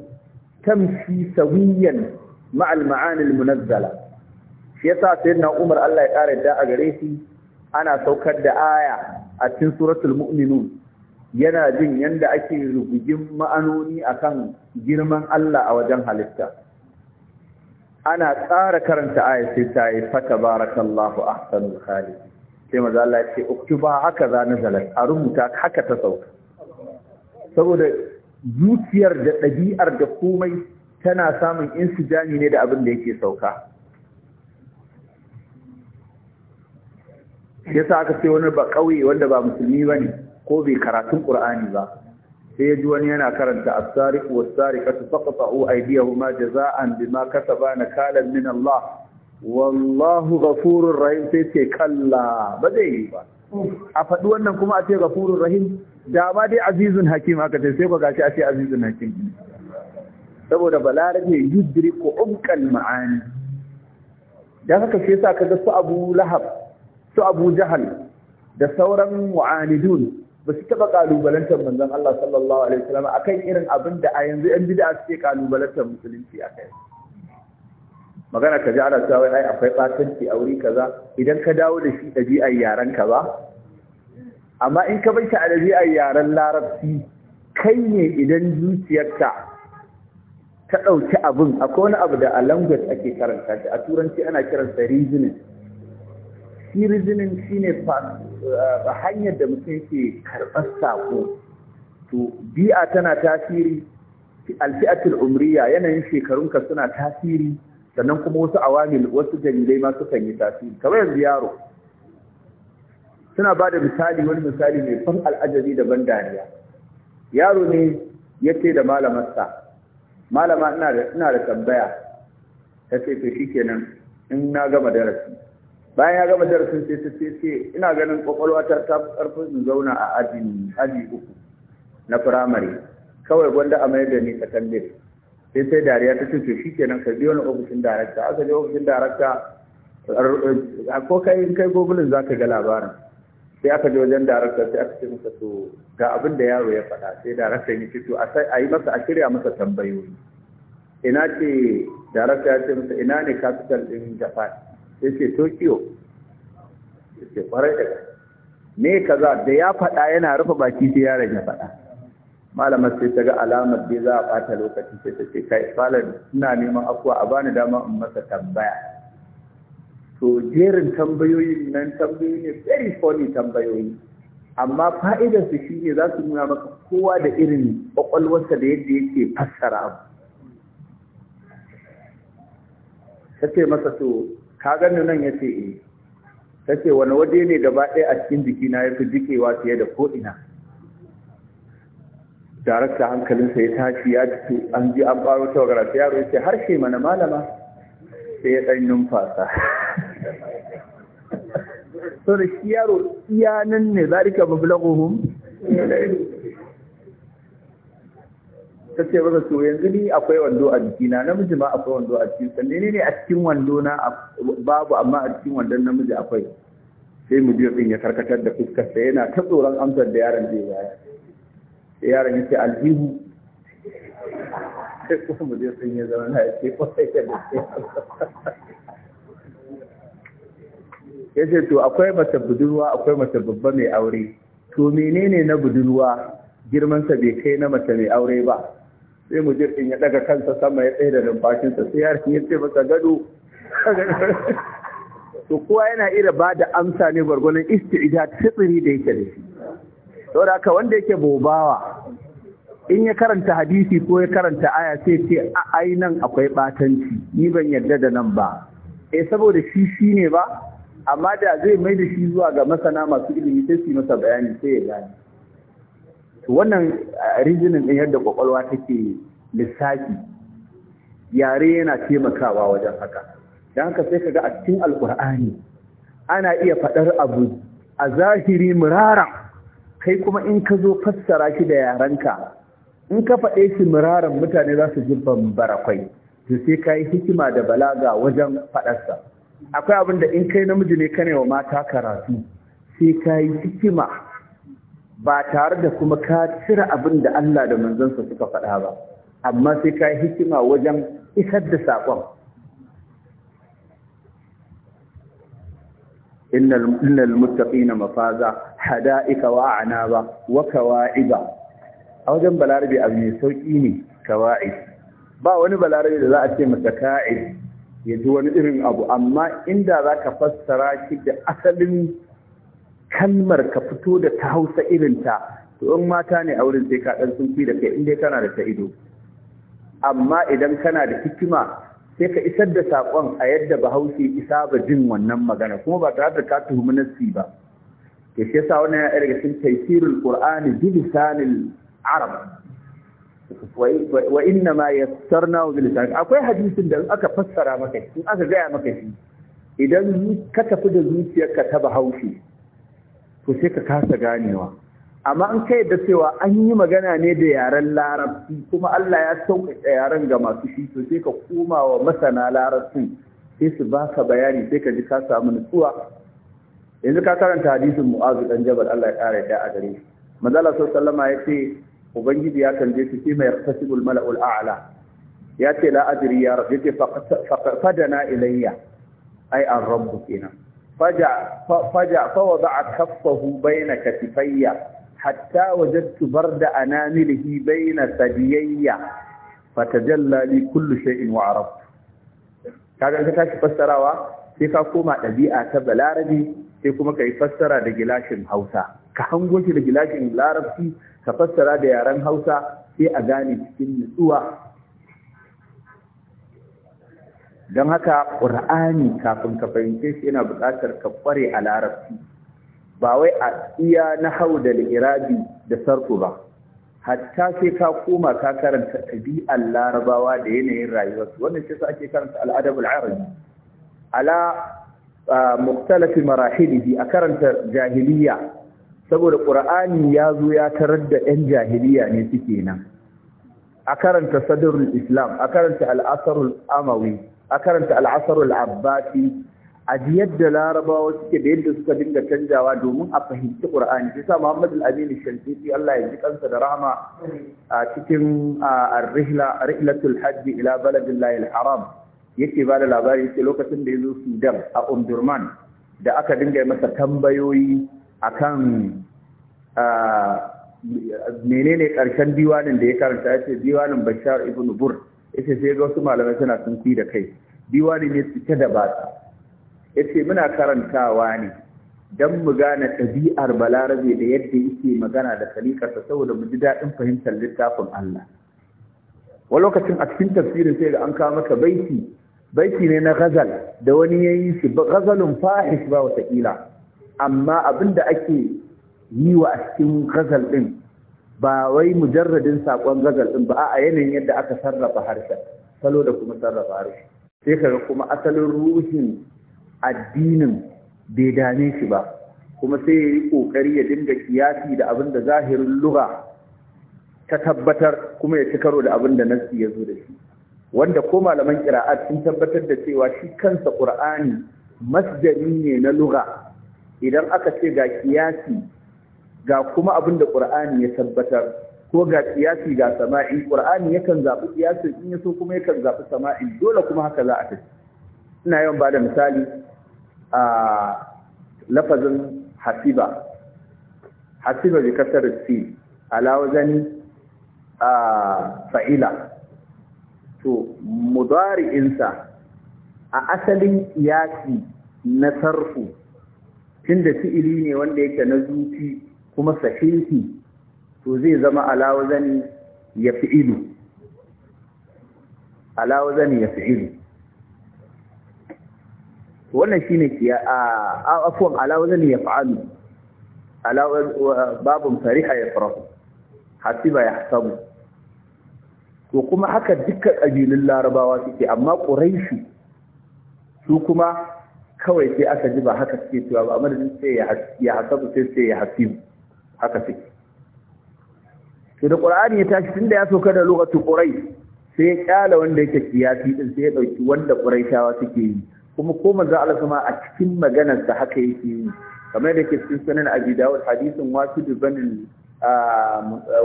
tamshi sawiyan ma'al ma'ani al-munazzala shi yasa sayyidina Umar Allah ya kare da a gare shi ana saukar da aya a cikin suratul mu'minun yana jin yanda ake rubugin ma'anoni akan girman Allah a wajen halitta ana tsara karanta aya sai ta yi fata barakallahu ahsanul khali sai maza Allah ce uktuba haka za na zalal a rubuta haka ta sauka saboda zuciyar da ɗabi'ar da komai tana samun insijani ne da abin da yake sauka yasa aka ce wani ba kauye wanda ba musulmi bane ko bai karatun qur'ani ba sai ya ji wani yana karanta Ka as-sariq was-sariqatu faqta'u aydiyahuma jazaa'an bima kasaba nakalan min Allah wallahu ghafurur rahim sai ce kalla ba zai yi ba a faɗi wannan kuma a ce ghafurur rahim da ma dai azizun hakim ce, sai ko gashi a ce azizun hakim saboda balarabe yudriku umqal ma'ani Da haka sai ka ga su Abu Lahab su Abu Jahal da sauran mu'anidun ba su taɓa ƙalubalantar manzon Allah sallallahu alaihi wasallam A kan irin abin da a yanzu ‘yan bida suke ƙalubalantar musulunci a kai. Magana ka ji ana cewa ai akwai ɓatanci a wuri kaza idan ka dawo da shi ɗabi'ar yaren ka ba. Amma in ka bai shi a ɗabi'ar yaren larabci kai ne idan zuciyarka ta ɗauki abin akwai wani abu da a language ake karanta a turanci ana kiransa reasoning shi rizinin shi ne eh, hanyar da mutum ke karɓar saƙo to bi'a tana tasiri alfi'atul umriya yanayin shekarunka suna tasiri sannan kuma wasu awamil wasu dalilai ma sukan yi tasiri kamar yanzu yaro suna ba da misali wani misali mai fan al'ajabi da ban dariya yaro ne ya ce da malamarsa malama ina da tambaya ta ce to shikenan in na gama darasi bayan ya gama darasin sai ta ce ina ganin kwakwalwa ta ta karfin in zauna a aji aji uku na firamare kawai gwanda a mayar da ni sakandare sai sai dariya ta ce to ke nan biyo wani ofishin darakta aka je ofishin darakta eh, ko kai in kai gogulin za ka ga labarin sai aka je wajen darakta sai aka ce masa to ga abin da yaro ya faɗa sai darakta ya ce to a yi masa a shirya masa tambayoyi ina ce darakta ya ce masa ina ne capital ɗin japan sai ce Tokyo sai kwarai daga ne kaza da ya faɗa yana rufe baki sai ya rage faɗa malamar sai ta ga alamar da za a ɓata lokaci sai ta ce kai falon suna neman afuwa a bani dama in masa tambaya to jerin tambayoyin nan tambayoyi ne very funny tambayoyi amma fa'idar su shine za su nuna maka kowa da irin kwakwalwarsa da yadda yake fassara abu ta ce masa to ka gani nan ya ce eh ta ce wani waje ne gaba ɗaya a cikin jikina ya fi jikewa fiye da ko'ina darakta hankalinsa ya tashi ya ji an ji an ɓaro ta wagara ta yaro ya ce harshe mana malama sai ya ɗan numfasa so da shi yaro iya nan ne zalika mablaguhum ta ce masa to yanzu ni akwai wando a jikina namiji ma akwai wando a cikin sanne ne ne a cikin wando na babu amma a cikin wandon namiji akwai sai biyo din ya karkatar da fuskar sa yana ta tsoron amsar da yaron zai bayar sai yaron ya ce aljihu sai kuma mujiyar din ya zama na ya ce kwasai ta da ya ce to akwai mace budurwa akwai mace babba mai aure to menene na budurwa girmansa bai kai na mace mai aure ba sai mu jirgin ya daga kansa sama ya tsaye da numfashinsa sai ya ce masa gado to kowa yana ira ba da amsa ne gwargwanon isti'ida tsitsiri da yake da shi saboda haka wanda yake bobawa in ya karanta hadisi ko ya karanta aya sai ce a ai nan akwai batanci ni ban yarda da nan ba eh saboda shi shi ne ba amma da zai mai da shi zuwa ga masana masu ilimi sai su masa bayani sai ya gane to wannan eh, rijinin din yadda kwakwalwa take lissafi yare yana taimakawa wajen haka don haka sai kaga a cikin alkur'ani ana iya faɗar abu a zahiri murara kai kuma in ka zo fassara shi da yarenka in ka faɗe shi muraran mutane za su ji bambara-kwai, to sai ka yi hikima da balaga wajen faɗarsa akwai abin da in kai namiji ne ka wa mata karatu sai ka yi hikima ba tare da kuma ka cire abin da Allah da manzansa suka faɗa ba amma sai ka yi hikima wajen isar da saƙon innal muttaqina mafaza hada'ika wa ba, wa ba, a wajen balarabe abu mai sauƙi ne kawa’i. ba wani balarabe da za a ce masa ka’i ya ji wani irin abu amma inda za ka fassara shi da asalin kalmar ka fito da ta hausa irinta to in mata ne a wurin sai ka ɗan sunfi da kai inda kana da ta ido amma idan kana da hikima sai ka isar da saƙon a yadda bahaushe isa ba jin wannan magana kuma ba tare da ka tuhumi nassi ba to shi yasa wannan yana daga cikin tafsirul qur'ani bi lisanil arab wa inna ma yassarna bi lisan akwai hadisin da aka fassara maka in aka gaya maka shi idan ka tafi da zuciyarka ta bahaushe to sai ka kasa ganewa amma an kai da cewa an yi magana ne da yaren larabci kuma Allah ya sauƙaƙa yaren ga masu shi to sai ka koma wa masana larabcin sai su ba ka bayani sai ka ji ka samu nutsuwa yanzu ka karanta hadisin mu'azu dan jabal Allah ya ƙara yadda a gare shi manzala sallama ya ce ubangiji ya su shi kima yaqtasibul mala'ul a'la ya ce la adri ya rabbi fa fadana ilayya ai an rabu kenan faja faja fawada kaffahu baina katifayya hatta wajadtu barda anamilihi baina sadiyayya fatajalla li kullu shay'in wa kaga ka tashi fassarawa sai ka koma ɗabi'a ta balarabi sai kuma ka yi fassara da gilashin hausa ka hango shi da gilashin larabci ka fassara da yaren hausa sai a gane cikin nutsuwa don haka ƙur'ani kafin ka fahimce shi yana buƙatar ka ƙware a larabci ba wai a iya na hau da irabi da sarku ba hatta sai ka koma ka karanta ɗabi'ar larabawa da yanayin rayuwarsu wannan shi ake karanta al arabi ala muktalafi marahilihi a karanta jahiliya saboda ƙur'ani ya zo ya tarar da 'yan jahiliya ne suke nan a karanta sadrul islam a karanta al'asarul amawi a karanta al'asarul abbasi a yadda larabawa suke da yadda suka dinga canjawa domin a fahimci qur'ani shi sa muhammad al-amin shankiti allah ya ji kansa da rahama a cikin ar-rihla rihlatul hajj ila baladillahi al-haram yake ba da labari yake lokacin da ya zo sudan a umdurman da aka dinga masa tambayoyi akan menene karshen diwanin da ya karanta ya ce diwanin bashar ibn bur yace sai ga wasu malamai suna sunfi da kai diwani ne cike da ta. yace muna karantawa ne dan mu gane ɗabi'ar balarabe da yadda yake magana da kalikarsa saboda mu ji daɗin fahimtar littafin Allah wani lokacin a cikin tafsirin sai ga an kawo maka baiti baiti ne na ghazal da wani ya yi shi ghazalun fahis ba wataƙila amma abin da ake yi wa a cikin ghazal ɗin ba wai mujarradin sakon gagal din ba a yanayin yadda aka sarrafa harshe salo da kuma sarrafa harshe sai ka ga kuma asalin ruhin addinin bai dame shi ba kuma sai ya yi kokari ya dinga kiyasi da abin da zahirin lura ta tabbatar kuma ya ci karo da abin da nassi ya zo da shi wanda ko malaman kira'at sun tabbatar da cewa shi kansa qur'ani masdari ne na lura idan aka ce ga kiyasi ga kuma abin da ƙur'ani ya tabbatar ko ga ƙiyasi ga sama'i Ƙur'ani yakan zaɓi kiyasin in yaso kuma yakan zaɓi sama'i dole kuma haka za a tafi ina yawan ba da misali a lafazin hasiba hasiba bi kasar si ala wazani a fa'ila to mudari'insa a asalin ƙiyasi na sarfu tunda fi'ili ne wanda yake na zuci kuma sahihi to zai zama alawazani ya fi'ilu alawazani ya fi'ilu wannan shine kiya a afwan alawazani ya fa'alu alawaz babun fariha ya faru, hasiba ya hasabu Ko kuma haka dukkan ƙabilun larabawa suke amma ƙuraishi su kuma kawai sai aka ji ba haka suke cewa ba amma da sai ya hasabu sai sai ya hasibu haka sai sai da qur'ani ya tashi da ya sauka da lokacin quraish sai ya kyala wanda yake kiyasi din sai ya ɗauki wanda shawa suke yi kuma ko manzo Allah kuma a cikin maganar sa haka yake yi kamar da ke cikin sunan abi dawud hadisin wasidu banil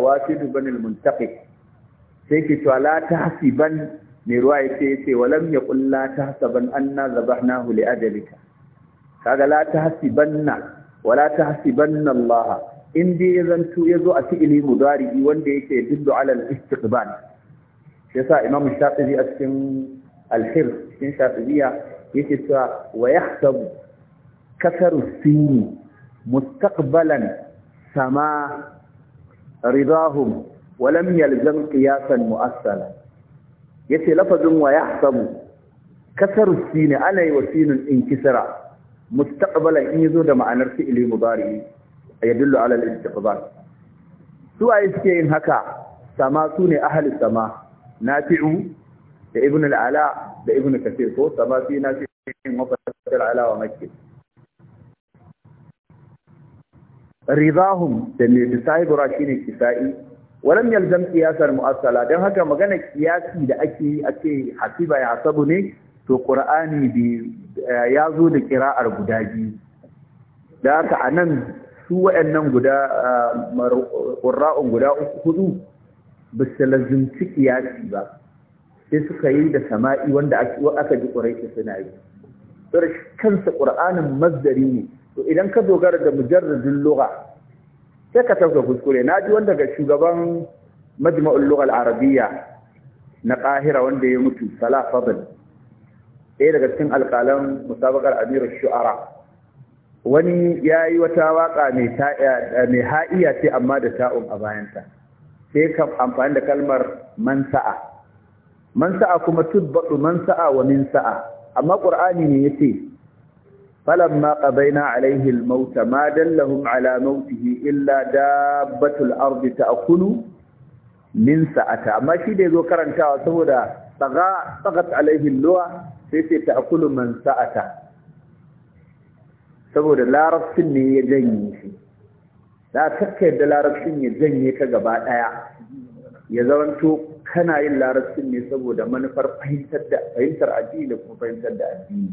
wasidu banil muntaqi sai ke cewa la tahsiban mai ruwa ya ce yace walam yaqul la tahsaban anna zabahnahu li ajalika kaga la tahsibanna wala tahsibanna Allah in dai ya zanto ya zo a fi'ili mudari'i wanda yake dillu ala al-istiqbal shi yasa imamu shafi'i a cikin al-hir cikin shafi'iyya yake cewa wa yahsabu kasaru sini mustaqbalan sama ridahum wa lam yalzam qiyasan mu'assala yace lafazin wa yahsabu kasaru sini alai wa sinun inkisara mustaqbalan in yazo da ma'anar fi'ili mudari'i yadullu ala al-istiqbal su ay suke yin haka sama su ne ahli sama nafi'u da ibn al-ala da ibn kathir ko sama fi nafi'in wa al ala wa makki ridahum da ne sahibura shine kisai walam yalzam qiyasar mu'assala dan haka magana kiyasi da ake yi ake hasiba ya sabu ne to qur'ani bi ya zo da kira'ar guda biyu da haka anan su waɗannan guda ƙura'un guda uku hudu ba su lazumci kiyasi ba sai suka yi da sama'i wanda aka ji ƙuraita suna yi tsar kansa ƙura'anin mazdari ne to idan ka dogara da mujarradin lugha sai ka tafka kuskure na ji wanda ga shugaban majma'ul lughal arabiyya na ƙahira wanda ya mutu salah ɗaya daga cikin alƙalan musabaqar amirul shu'ara wani ya yi wata waka mai ha'iya ce amma da ta'un a bayanta sai ka amfani da kalmar man sa'a. Man sa'a kuma man sa'a wa min sa'a amma ƙur'ani ne ya ce falamma ƙabaina alaihi mauta, ma dallahum ala illa dabbatul ta akunu min sa'ata amma shi da yazo karantawa saboda tsaga tsagat alaihi luwa sai sai ta'kulu man sa'ata saboda larabcin ne ya janye shi da kakka yadda larabcin ya janye ka gaba ɗaya ya zamanto kana yin larabcin ne saboda manufar fahimtar addini da kuma fahimtar da addini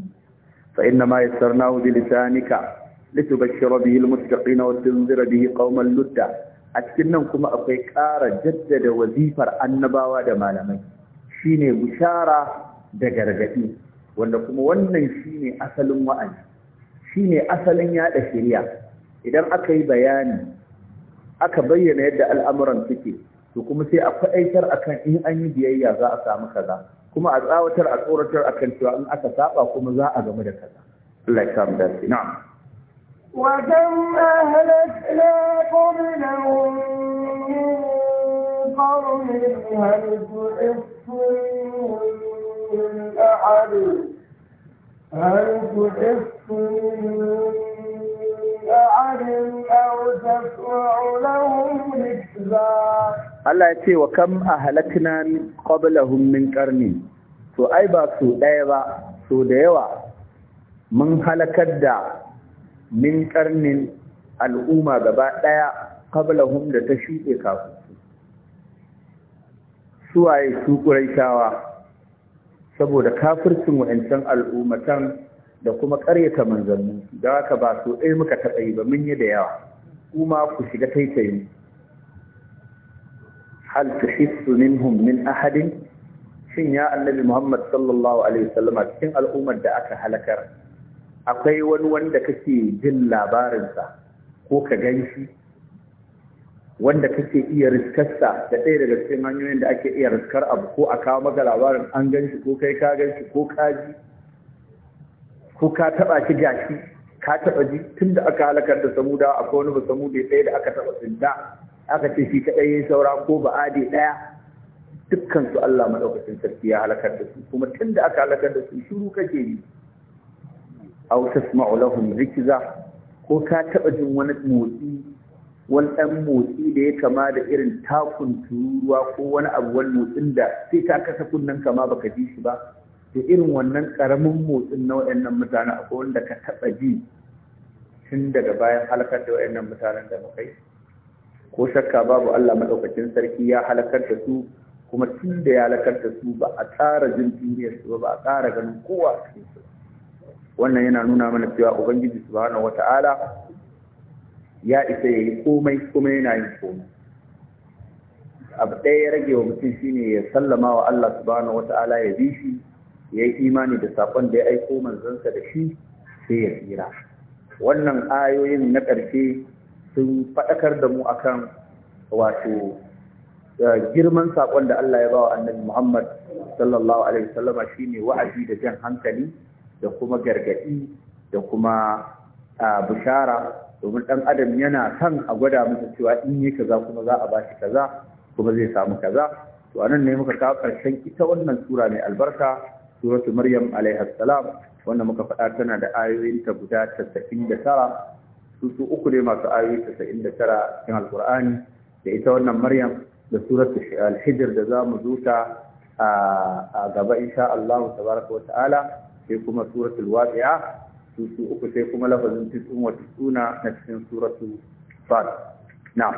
fa inna ma yassarnahu bi lisanika litubashshira bihi almuttaqina wa tunzira bihi qauman ludda a cikin nan kuma akwai ƙara jaddada wazifar annabawa da malamai shine bushara da gargadi wanda kuma wannan shine asalin wa'azi ne asalin yaɗa shirya? idan aka yi bayani aka bayyana yadda al'amuran suke to kuma sai a faɗaitar akan in an yi biyayya za a samu kaza kuma a tsawatar a tsoratar akan cewa in aka saba kuma za a gamu da kaza Allah ya samu dace na'am wa kam qablahum min qawmin hal ahad Allah ya ce wa kam a halakna qablahum min ƙarni, to ai ba su ɗaya ba so da yawa mun halakar da min ƙarnin al'umma gaba ɗaya qablahum da ta shuɗe kafin su waye su ƙuraitawa. saboda kafircin wa'ancan al'ummatan da kuma ƙaryata manzannin da haka ba so ɗaya muka taɓa yi ba mun yi da yawa kuma ku shiga taitayin hal tuhissu minhum min ahadin shin ya annabi Muhammad sallallahu alaihi wasallam cikin al'ummar da aka halakar akwai wani wanda kake jin labarinsa ko ka ganshi wanda kake iya riskarsa da ɗaya daga cikin hanyoyin da ake iya riskar abu ko a kawo maka labarin an gan shi ko kai ka gan shi ko ka ji ko ka taɓa shi gashi ka taɓa ji tun da aka halakar da samuda akwai wani ba samude ɗaya da aka taɓa tsinta aka ce shi kaɗai yin saura ko ba ade ɗaya dukkan su Allah maɗaukacin sarki ya halakar da su kuma tun da aka halakar da su shiru kake yi a tasma'u lahum rikiza. ko ka taɓa jin wani motsi wani ɗan motsi da ya kama da irin takun tururuwa ko wani abu wani motsin da sai ta kasa kunnen kama baka ji shi ba to irin wannan ƙaramin motsin na wayannan mutane akwai wanda ka taɓa ji tun daga bayan halakar da wayannan mutanen da muka ko shakka babu Allah maɗaukacin sarki ya halakar da su kuma tun da ya halakar da su ba a tsara jin duniyar su ba ba a tsara ganin kowa wannan yana nuna mana cewa ubangiji subhanahu wata'ala ya isa ya yi komai kuma yana yin komai abu ɗaya ya rage wa mutum shine ya sallama wa Allah subhanahu wata'ala ya bi shi ya yi imani da saƙon da ya aiko manzansa da shi sai ya tsira wannan ayoyin na ƙarshe sun faɗakar da mu akan wato eh, girman saƙon da Allah ya ba wa annabi Muhammad sallallahu alaihi wasallama shine wa'azi da jan hankali da kuma gargaɗi da kuma ah, bishara domin ɗan adam yana kan a gwada masa cewa in yi kaza kuma za a bashi kaza kuma zai samu kaza to anan ne muka kawo ƙarshen ita wannan sura mai albarka suratu maryam alaihi salam wanda muka faɗa tana da ta guda 99 su su uku ne masu ayoyi 99 cikin alkur'ani da ita wannan maryam da suratu al-hijr da za mu zuta a gaba insha Allah tabaraka wa ta'ala sai kuma suratul waqi'a su uku sai kuma lafazin tisun wa na cikin suratu fad na.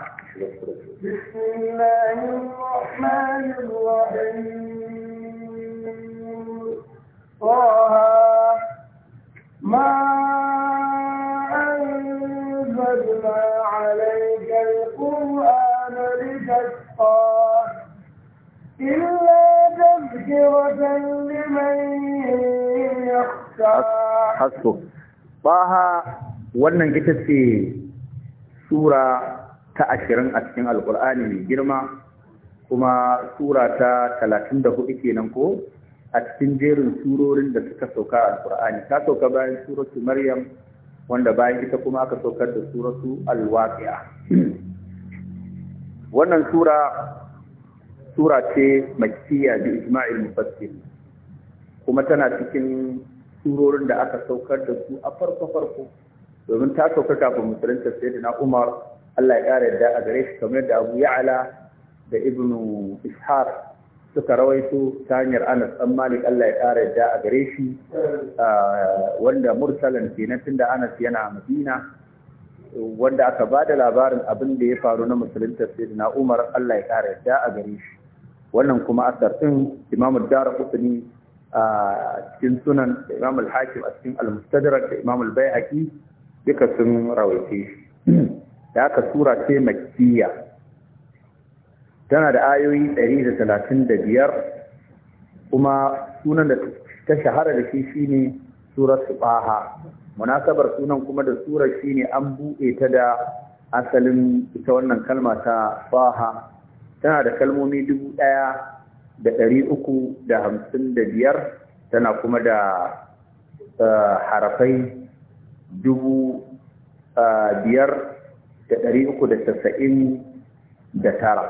ما أنزلنا عليك القرآن لتشقى إلا تذكرة لمن hasso baha wannan ita ce sura ta ashirin a cikin alkur'ani mai girma kuma sura ta talatin da hudu kenan ko a cikin jerin surorin da suka sauka a alkur'ani ta sauka bayan suratu maryam wanda bayan ita kuma aka saukar da suratu alwaqi'a wannan sura sura ce makiyya da ijma'il mufassir kuma tana cikin surorin da aka saukar da su a farko farko domin ta saukar kafin musulunta sai na umar allah ya ƙara yadda a gare shi kamar yadda abu ya'ala da ibn Ishar suka rawaito ta hanyar anas dan malik allah ya ƙara yadda a gare shi wanda mursalan kenan tunda anas yana madina wanda aka ba da labarin abin da ya faru na musulunta sai na umar allah ya ƙara yadda a gare shi wannan kuma asar ɗin imamu dara kutuni a cikin sunan da imam al-hakim a cikin al-mustadrak da imam al baihaqi duka sun rawaice shi da aka sura ce makkiya tana da ayoyi 135 kuma sunan da ta shahara da shi shine surar subaha munasabar sunan kuma da surar shine an buɗe ta da asalin ita wannan kalma ta faha tana da kalmomi dubu ɗaya da ɗari uku da hamsin da biyar tana kuma da eh, harafai dubu eh, biyar da ɗari uku da tasa'in da tara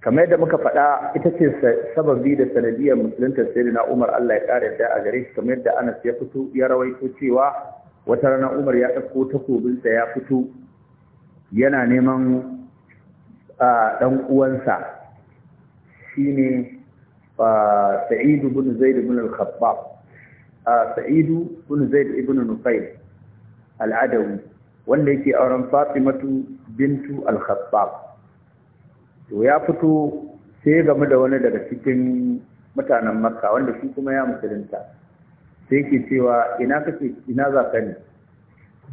kamar yadda muka faɗa ita ce sababi da sanadiyar musulunta sai na umar allah ya ƙara yadda a gare shi kamar yadda anas ya fito ya rawaito cewa wata rana umar ya ɗauko takobinsa ya fito yana neman eh, ɗan uwansa shine Sa'id ibn Zaid ibn al-Khattab Sa'id ibn Zaid ibn Nufayl al-Adawi wanda yake auren Fatimatu bintu al-Khattab to ya fito sai game da wani daga cikin mutanen Makka wanda shi kuma ya musulunta sai yake cewa ina kake ina za ka ne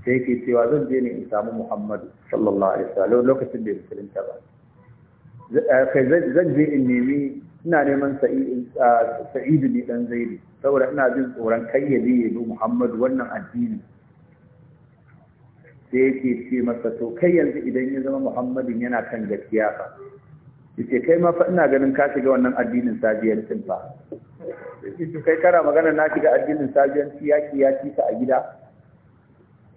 sai yake cewa zan je ne in samu Muhammadu sallallahu alaihi wasallam lokacin da ya musulunta ba Eh, kai zan je in nemi ina neman eh, sa'idu ne dan zaidu saboda ina jin tsoron kai ya je yabi muhammadu wannan addini sai yake ce masa to kai yanzu idan ya zama muhammadin yana kan gaskiya fa yace kai ma fa ina ganin ka shiga wannan addinin sabiyancin fa yace kai kara magana na shiga addinin sabiyanci yaki ya ci a gida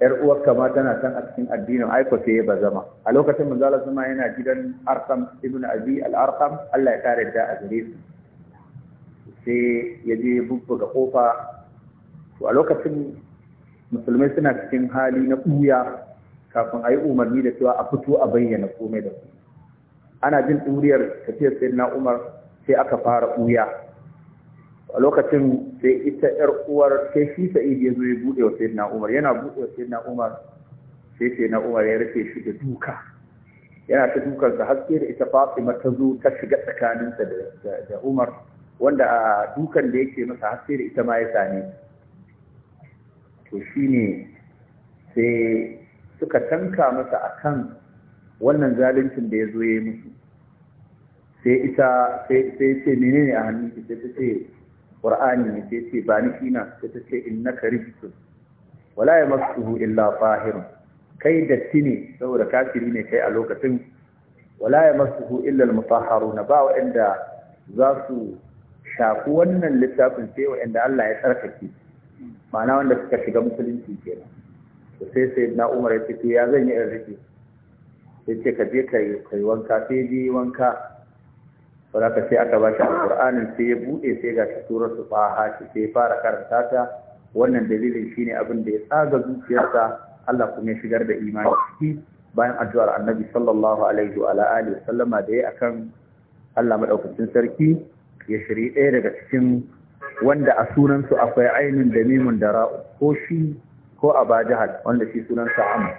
yar uwarka tana san a cikin addinin aiko sai ba zama a lokacin manzala suna yana gidan arkam ibn abi al Allah ya kare da a gare su sai ya je kofa to a lokacin musulmai suna cikin hali na buya kafin a yi umarni da cewa a fito a bayyana komai da su ana jin ɗuriyar tafiyar na umar sai aka fara buya a lokacin sai ita ‘yar uwar sai shi sa'id ya zo ya buɗe wa Sayyidina na umar yana buɗe wa Sayyidina na umar sai sai na umar ya rufe shi da duka yana ta dukansa har sai da ita fatima ta zo ta shiga tsakaninsa da umar wanda a dukan da yake masa har sai da ita ma ya sani to shine sai suka tanka masa akan wannan zaluncin da ya zo ya yi musu sai ita sai sai menene a hannunki sai ta ce qur'ani ne sai ce ba ni ina sai ta ce innaka rijsun wala yamassuhu illa fahir kai datti ne saboda kafiri ne kai a lokacin wala yamassuhu illa na ba wa'anda za su shafi wannan littafin sai wa'anda Allah ya tsarkake ma'ana wanda suka shiga musulunci kenan to sai sai na Umar ya ce ya zan yi arziki sai ce ka je kai wanka sai je wanka wadda sai aka bashi shi sai ya buɗe sai ga shi turar su faha shi sai fara karanta ta wannan dalilin shine abin da ya tsaga zuciyarsa Allah kuma ya shigar da imani ciki bayan addu'ar annabi sallallahu alaihi wa alihi sallama da ya akan Allah madaukakin sarki ya shiri ɗaya daga cikin wanda a sunansu akwai ainin da mimun da ra'u ko shi ko abajahal wanda shi sa amma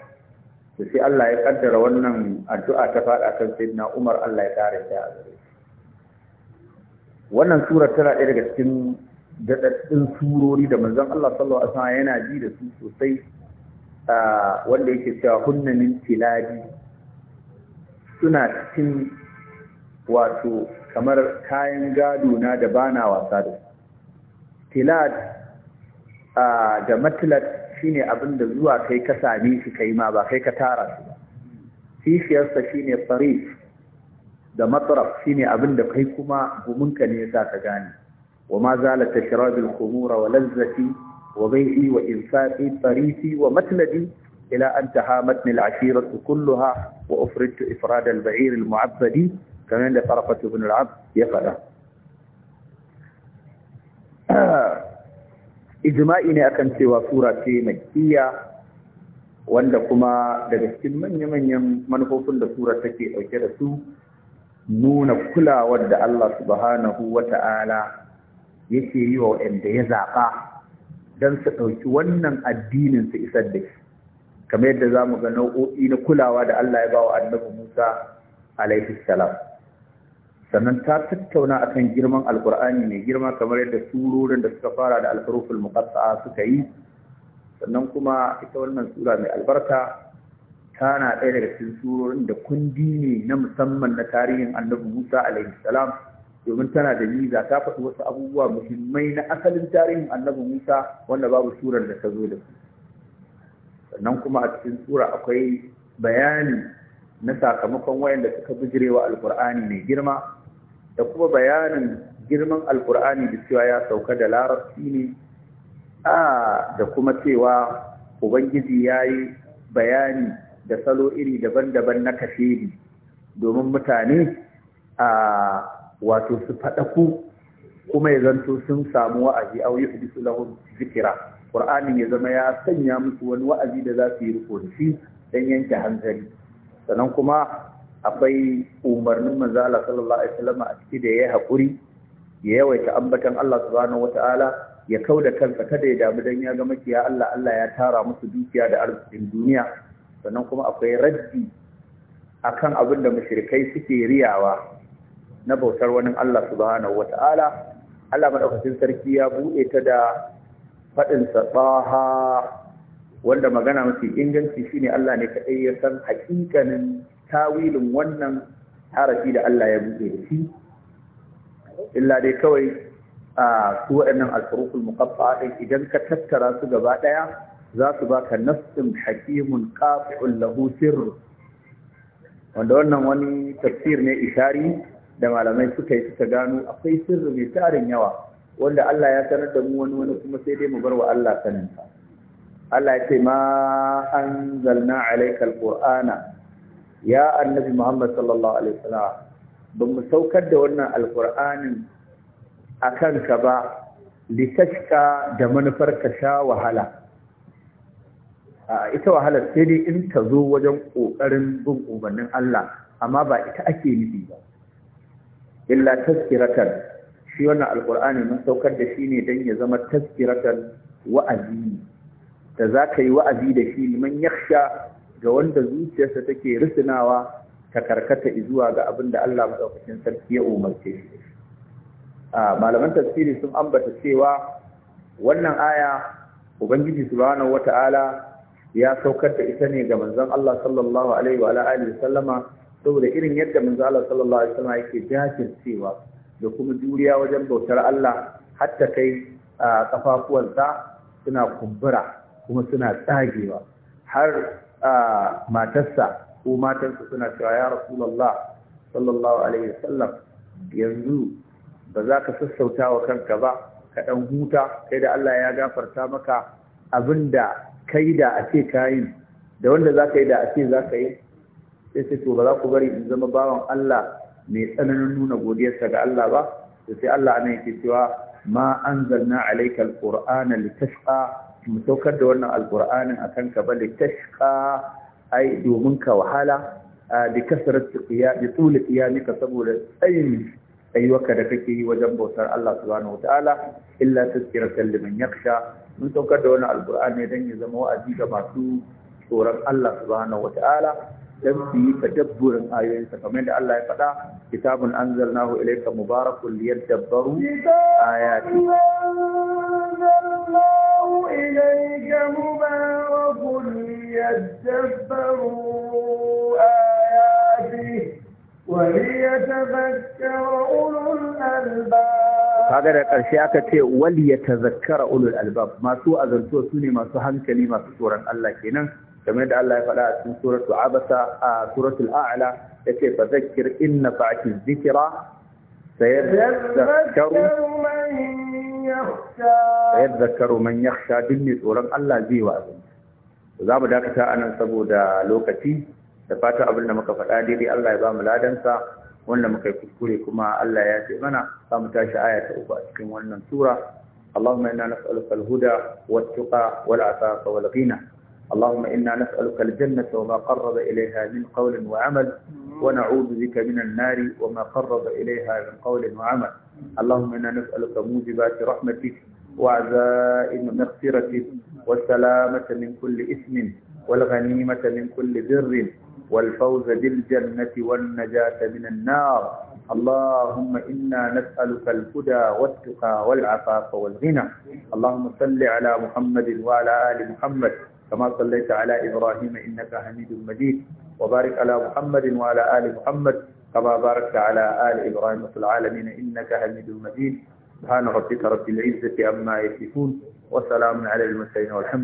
to sai Allah ya kaddara wannan addu'a ta faɗa kan sayyidina Umar Allah ya kare ta wannan surar tana ɗaya daga cikin daɗaɗɗin surori da manzon Allah sallallahu alaihi wasallam yana ji da su sosai wanda yake cewa hunna min tiladi suna cikin wato kamar kayan gado na da bana wasa da tilad da matlat shine abin da zuwa kai ka same shi kai ma ba kai ka tara shi ba kishiyarsa shine farif da matraf shine abin da kai kuma guminka ne yasa ka gane wa ma zala shirar al-khumura wa lazzati wa bai'i wa infaqi tarifi wa matladi ila an tahamatni al-ashiratu kulluha wa ufridtu ifrad al al-mu'abbadi kamar da Sarafat ibn ya faɗa. ijma'i ne akan cewa sura ce makkiya wanda kuma daga cikin manya-manyan manufofin da sura take ɗauke da su nuna kulawar da Allah subhanahu wa ta'ala yake yi wa waɗanda ya zaɓa don su ɗauki wannan addinin su isar da shi kamar yadda za mu ga nau'o'i na kulawa da Allah ya ba wa annabi Musa alaihi salam sannan ta tattauna akan girman alkur'ani mai girma kamar yadda surorin da suka fara da alfarufin muqatta'a suka yi sannan kuma ita wannan sura mai albarka tana ɗaya daga cikin surorin da kundi ne na musamman na tarihin annabi Musa alaihi salam domin tana da niza ta faɗi wasu abubuwa muhimmai na asalin tarihin annabi Musa wanda babu surar da ta zo da su sannan kuma a cikin sura akwai bayani na sakamakon wayanda suka bijirewa alkur'ani mai girma da kuma bayanin girman alkur'ani da cewa ya sauka da larabci ne a da kuma cewa ubangiji ya yi bayani da salo iri daban-daban na kashedi domin mutane a wato su faɗaku kuma ya zanto sun samu wa'azi a wuyi hadisu lahun zikira ƙur'anin ya zama ya sanya musu wani wa'azi da za su yi riko da shi don yanke hanzari sannan kuma akwai umarnin manzo Allah sallallahu alaihi wasallam a ciki da yayi haƙuri, ya yawaita ambatan Allah subhanahu wataala ya kauda kansa kada ya damu dan ya ga makiya Allah Allah ya tara musu dukiya da arzikin duniya sannan kuma akwai raddi akan abin da mushrikai suke riyawa na bautar wani Allah subhanahu wata'ala Allah madaukakin sarki ya buɗe ta da faɗin sabaha wanda magana mafi inganci shine Allah ne kaɗai ya san hakikanin tawilin wannan harafi da Allah ya buɗe da shi illa dai kawai a su waɗannan alfarukul muqaffa idan ka tattara su gaba ɗaya za su baka nafsin hakimun kafin lahu sirr wanda wannan wani tafsir ne ishari da malamai suka yi suka gano akwai sirri mai tarin yawa wanda Allah ya sanar da mu wani wani kuma sai dai mu bar wa Allah saninsa Allah ya ce ma zalna alaikal qur'ana ya annabi Muhammad sallallahu alaihi wasallam Ba mu saukar da wannan alqur'anin a kanka ba litashka da manufar ka sha wahala ita wahalar sai dai in ta zo wajen ƙoƙarin bin umarnin Allah amma ba ita ake nufi ba illa tazkiratan shi wannan alqur'ani mun saukar da shi ne dan ya zama tazkiratan wa'azi da za ka yi wa'azi da shi liman yakhsha ga wanda zuciyarsa take risinawa ta karkata zuwa ga abin da Allah madaukakin sarki ya umarce shi a malaman tafsiri sun ambata cewa wannan aya ubangiji subhanahu wata'ala ya saukar da ita ne ga manzon Allah sallallahu alaihi wa alihi sallama saboda irin yadda manzon Allah sallallahu alaihi yake jajircewa da kuma juriya wajen bautar Allah hatta kai kafafuwansa suna kumbura kuma suna tsagewa har matarsa ko matarsa suna cewa ya rasulullah sallallahu alaihi wasallam yanzu ba za ka sassauta wa kanka ba ka dan huta kai da Allah ya gafarta maka abinda kai da a ce kayin da wanda za ka yi da a ce za ka yi sai sai to ba za ku bari in zama bawan Allah mai tsananin nuna godiyarsa ga Allah ba to sai Allah ana yake cewa ma anzalna alayka alqur'ana litashqa mu saukar da wannan alqur'anin akan ka ba litashqa ai domin ka wahala bi kasratu qiyam bi tuli qiyamika saboda tsayin tsayuwarka da kake yi wajen bautar Allah subhanahu wataala illa tazkiratan liman yakhsha mun saukar da wani alqur'ani dan ya zama wa'azi ga masu tsoron Allah subhanahu wataala dan su yi tadabburin ayoyinsa kamar da Allah ya faɗa kitabun anzalnahu ilayka mubarakun liyadabbaru ayati anzalnahu ilayka mubarakun liyadabbaru ayati kaga da ƙarshe aka ce wali ya tazakkara ulul albab masu azanto su ne masu hankali masu tsoron Allah kenan kamar yadda Allah ya faɗa a cikin suratu abasa a suratul a'la yace fa zakkir inna fa'ati dhikra sayadhakkaru man yakhsha sayadhakkaru man yakhsha ne tsoron Allah zai wa'azi za mu dakata anan saboda lokaci da fata abin da muka faɗa daidai Allah ya ba mu ladansa wanda muka yi kuskure kuma Allah ya ce mana za mu tashi aya ta uku a cikin wannan sura اللهم إنا نسألك الهدى والتقى والعفاف والغنى اللهم إنا نسألك الجنة وما قرب إليها من قول وعمل ونعوذ بك من النار وما قرب إليها من قول وعمل اللهم إنا نسألك موجبات رحمتك وعزائم مغفرتك والسلامة من كل إثم والغنيمة من كل بر والفوز بالجنة والنجاة من النار اللهم إنا نسألك الهدى والتقى والعفاف والغنى اللهم صل على محمد وعلى آل محمد كما صليت على إبراهيم إنك حميد مجيد وبارك على محمد وعلى آل محمد كما باركت على آل إبراهيم في العالمين إنك حميد مجيد سبحان ربك رب العزة عما يصفون وسلام على المرسلين والحمد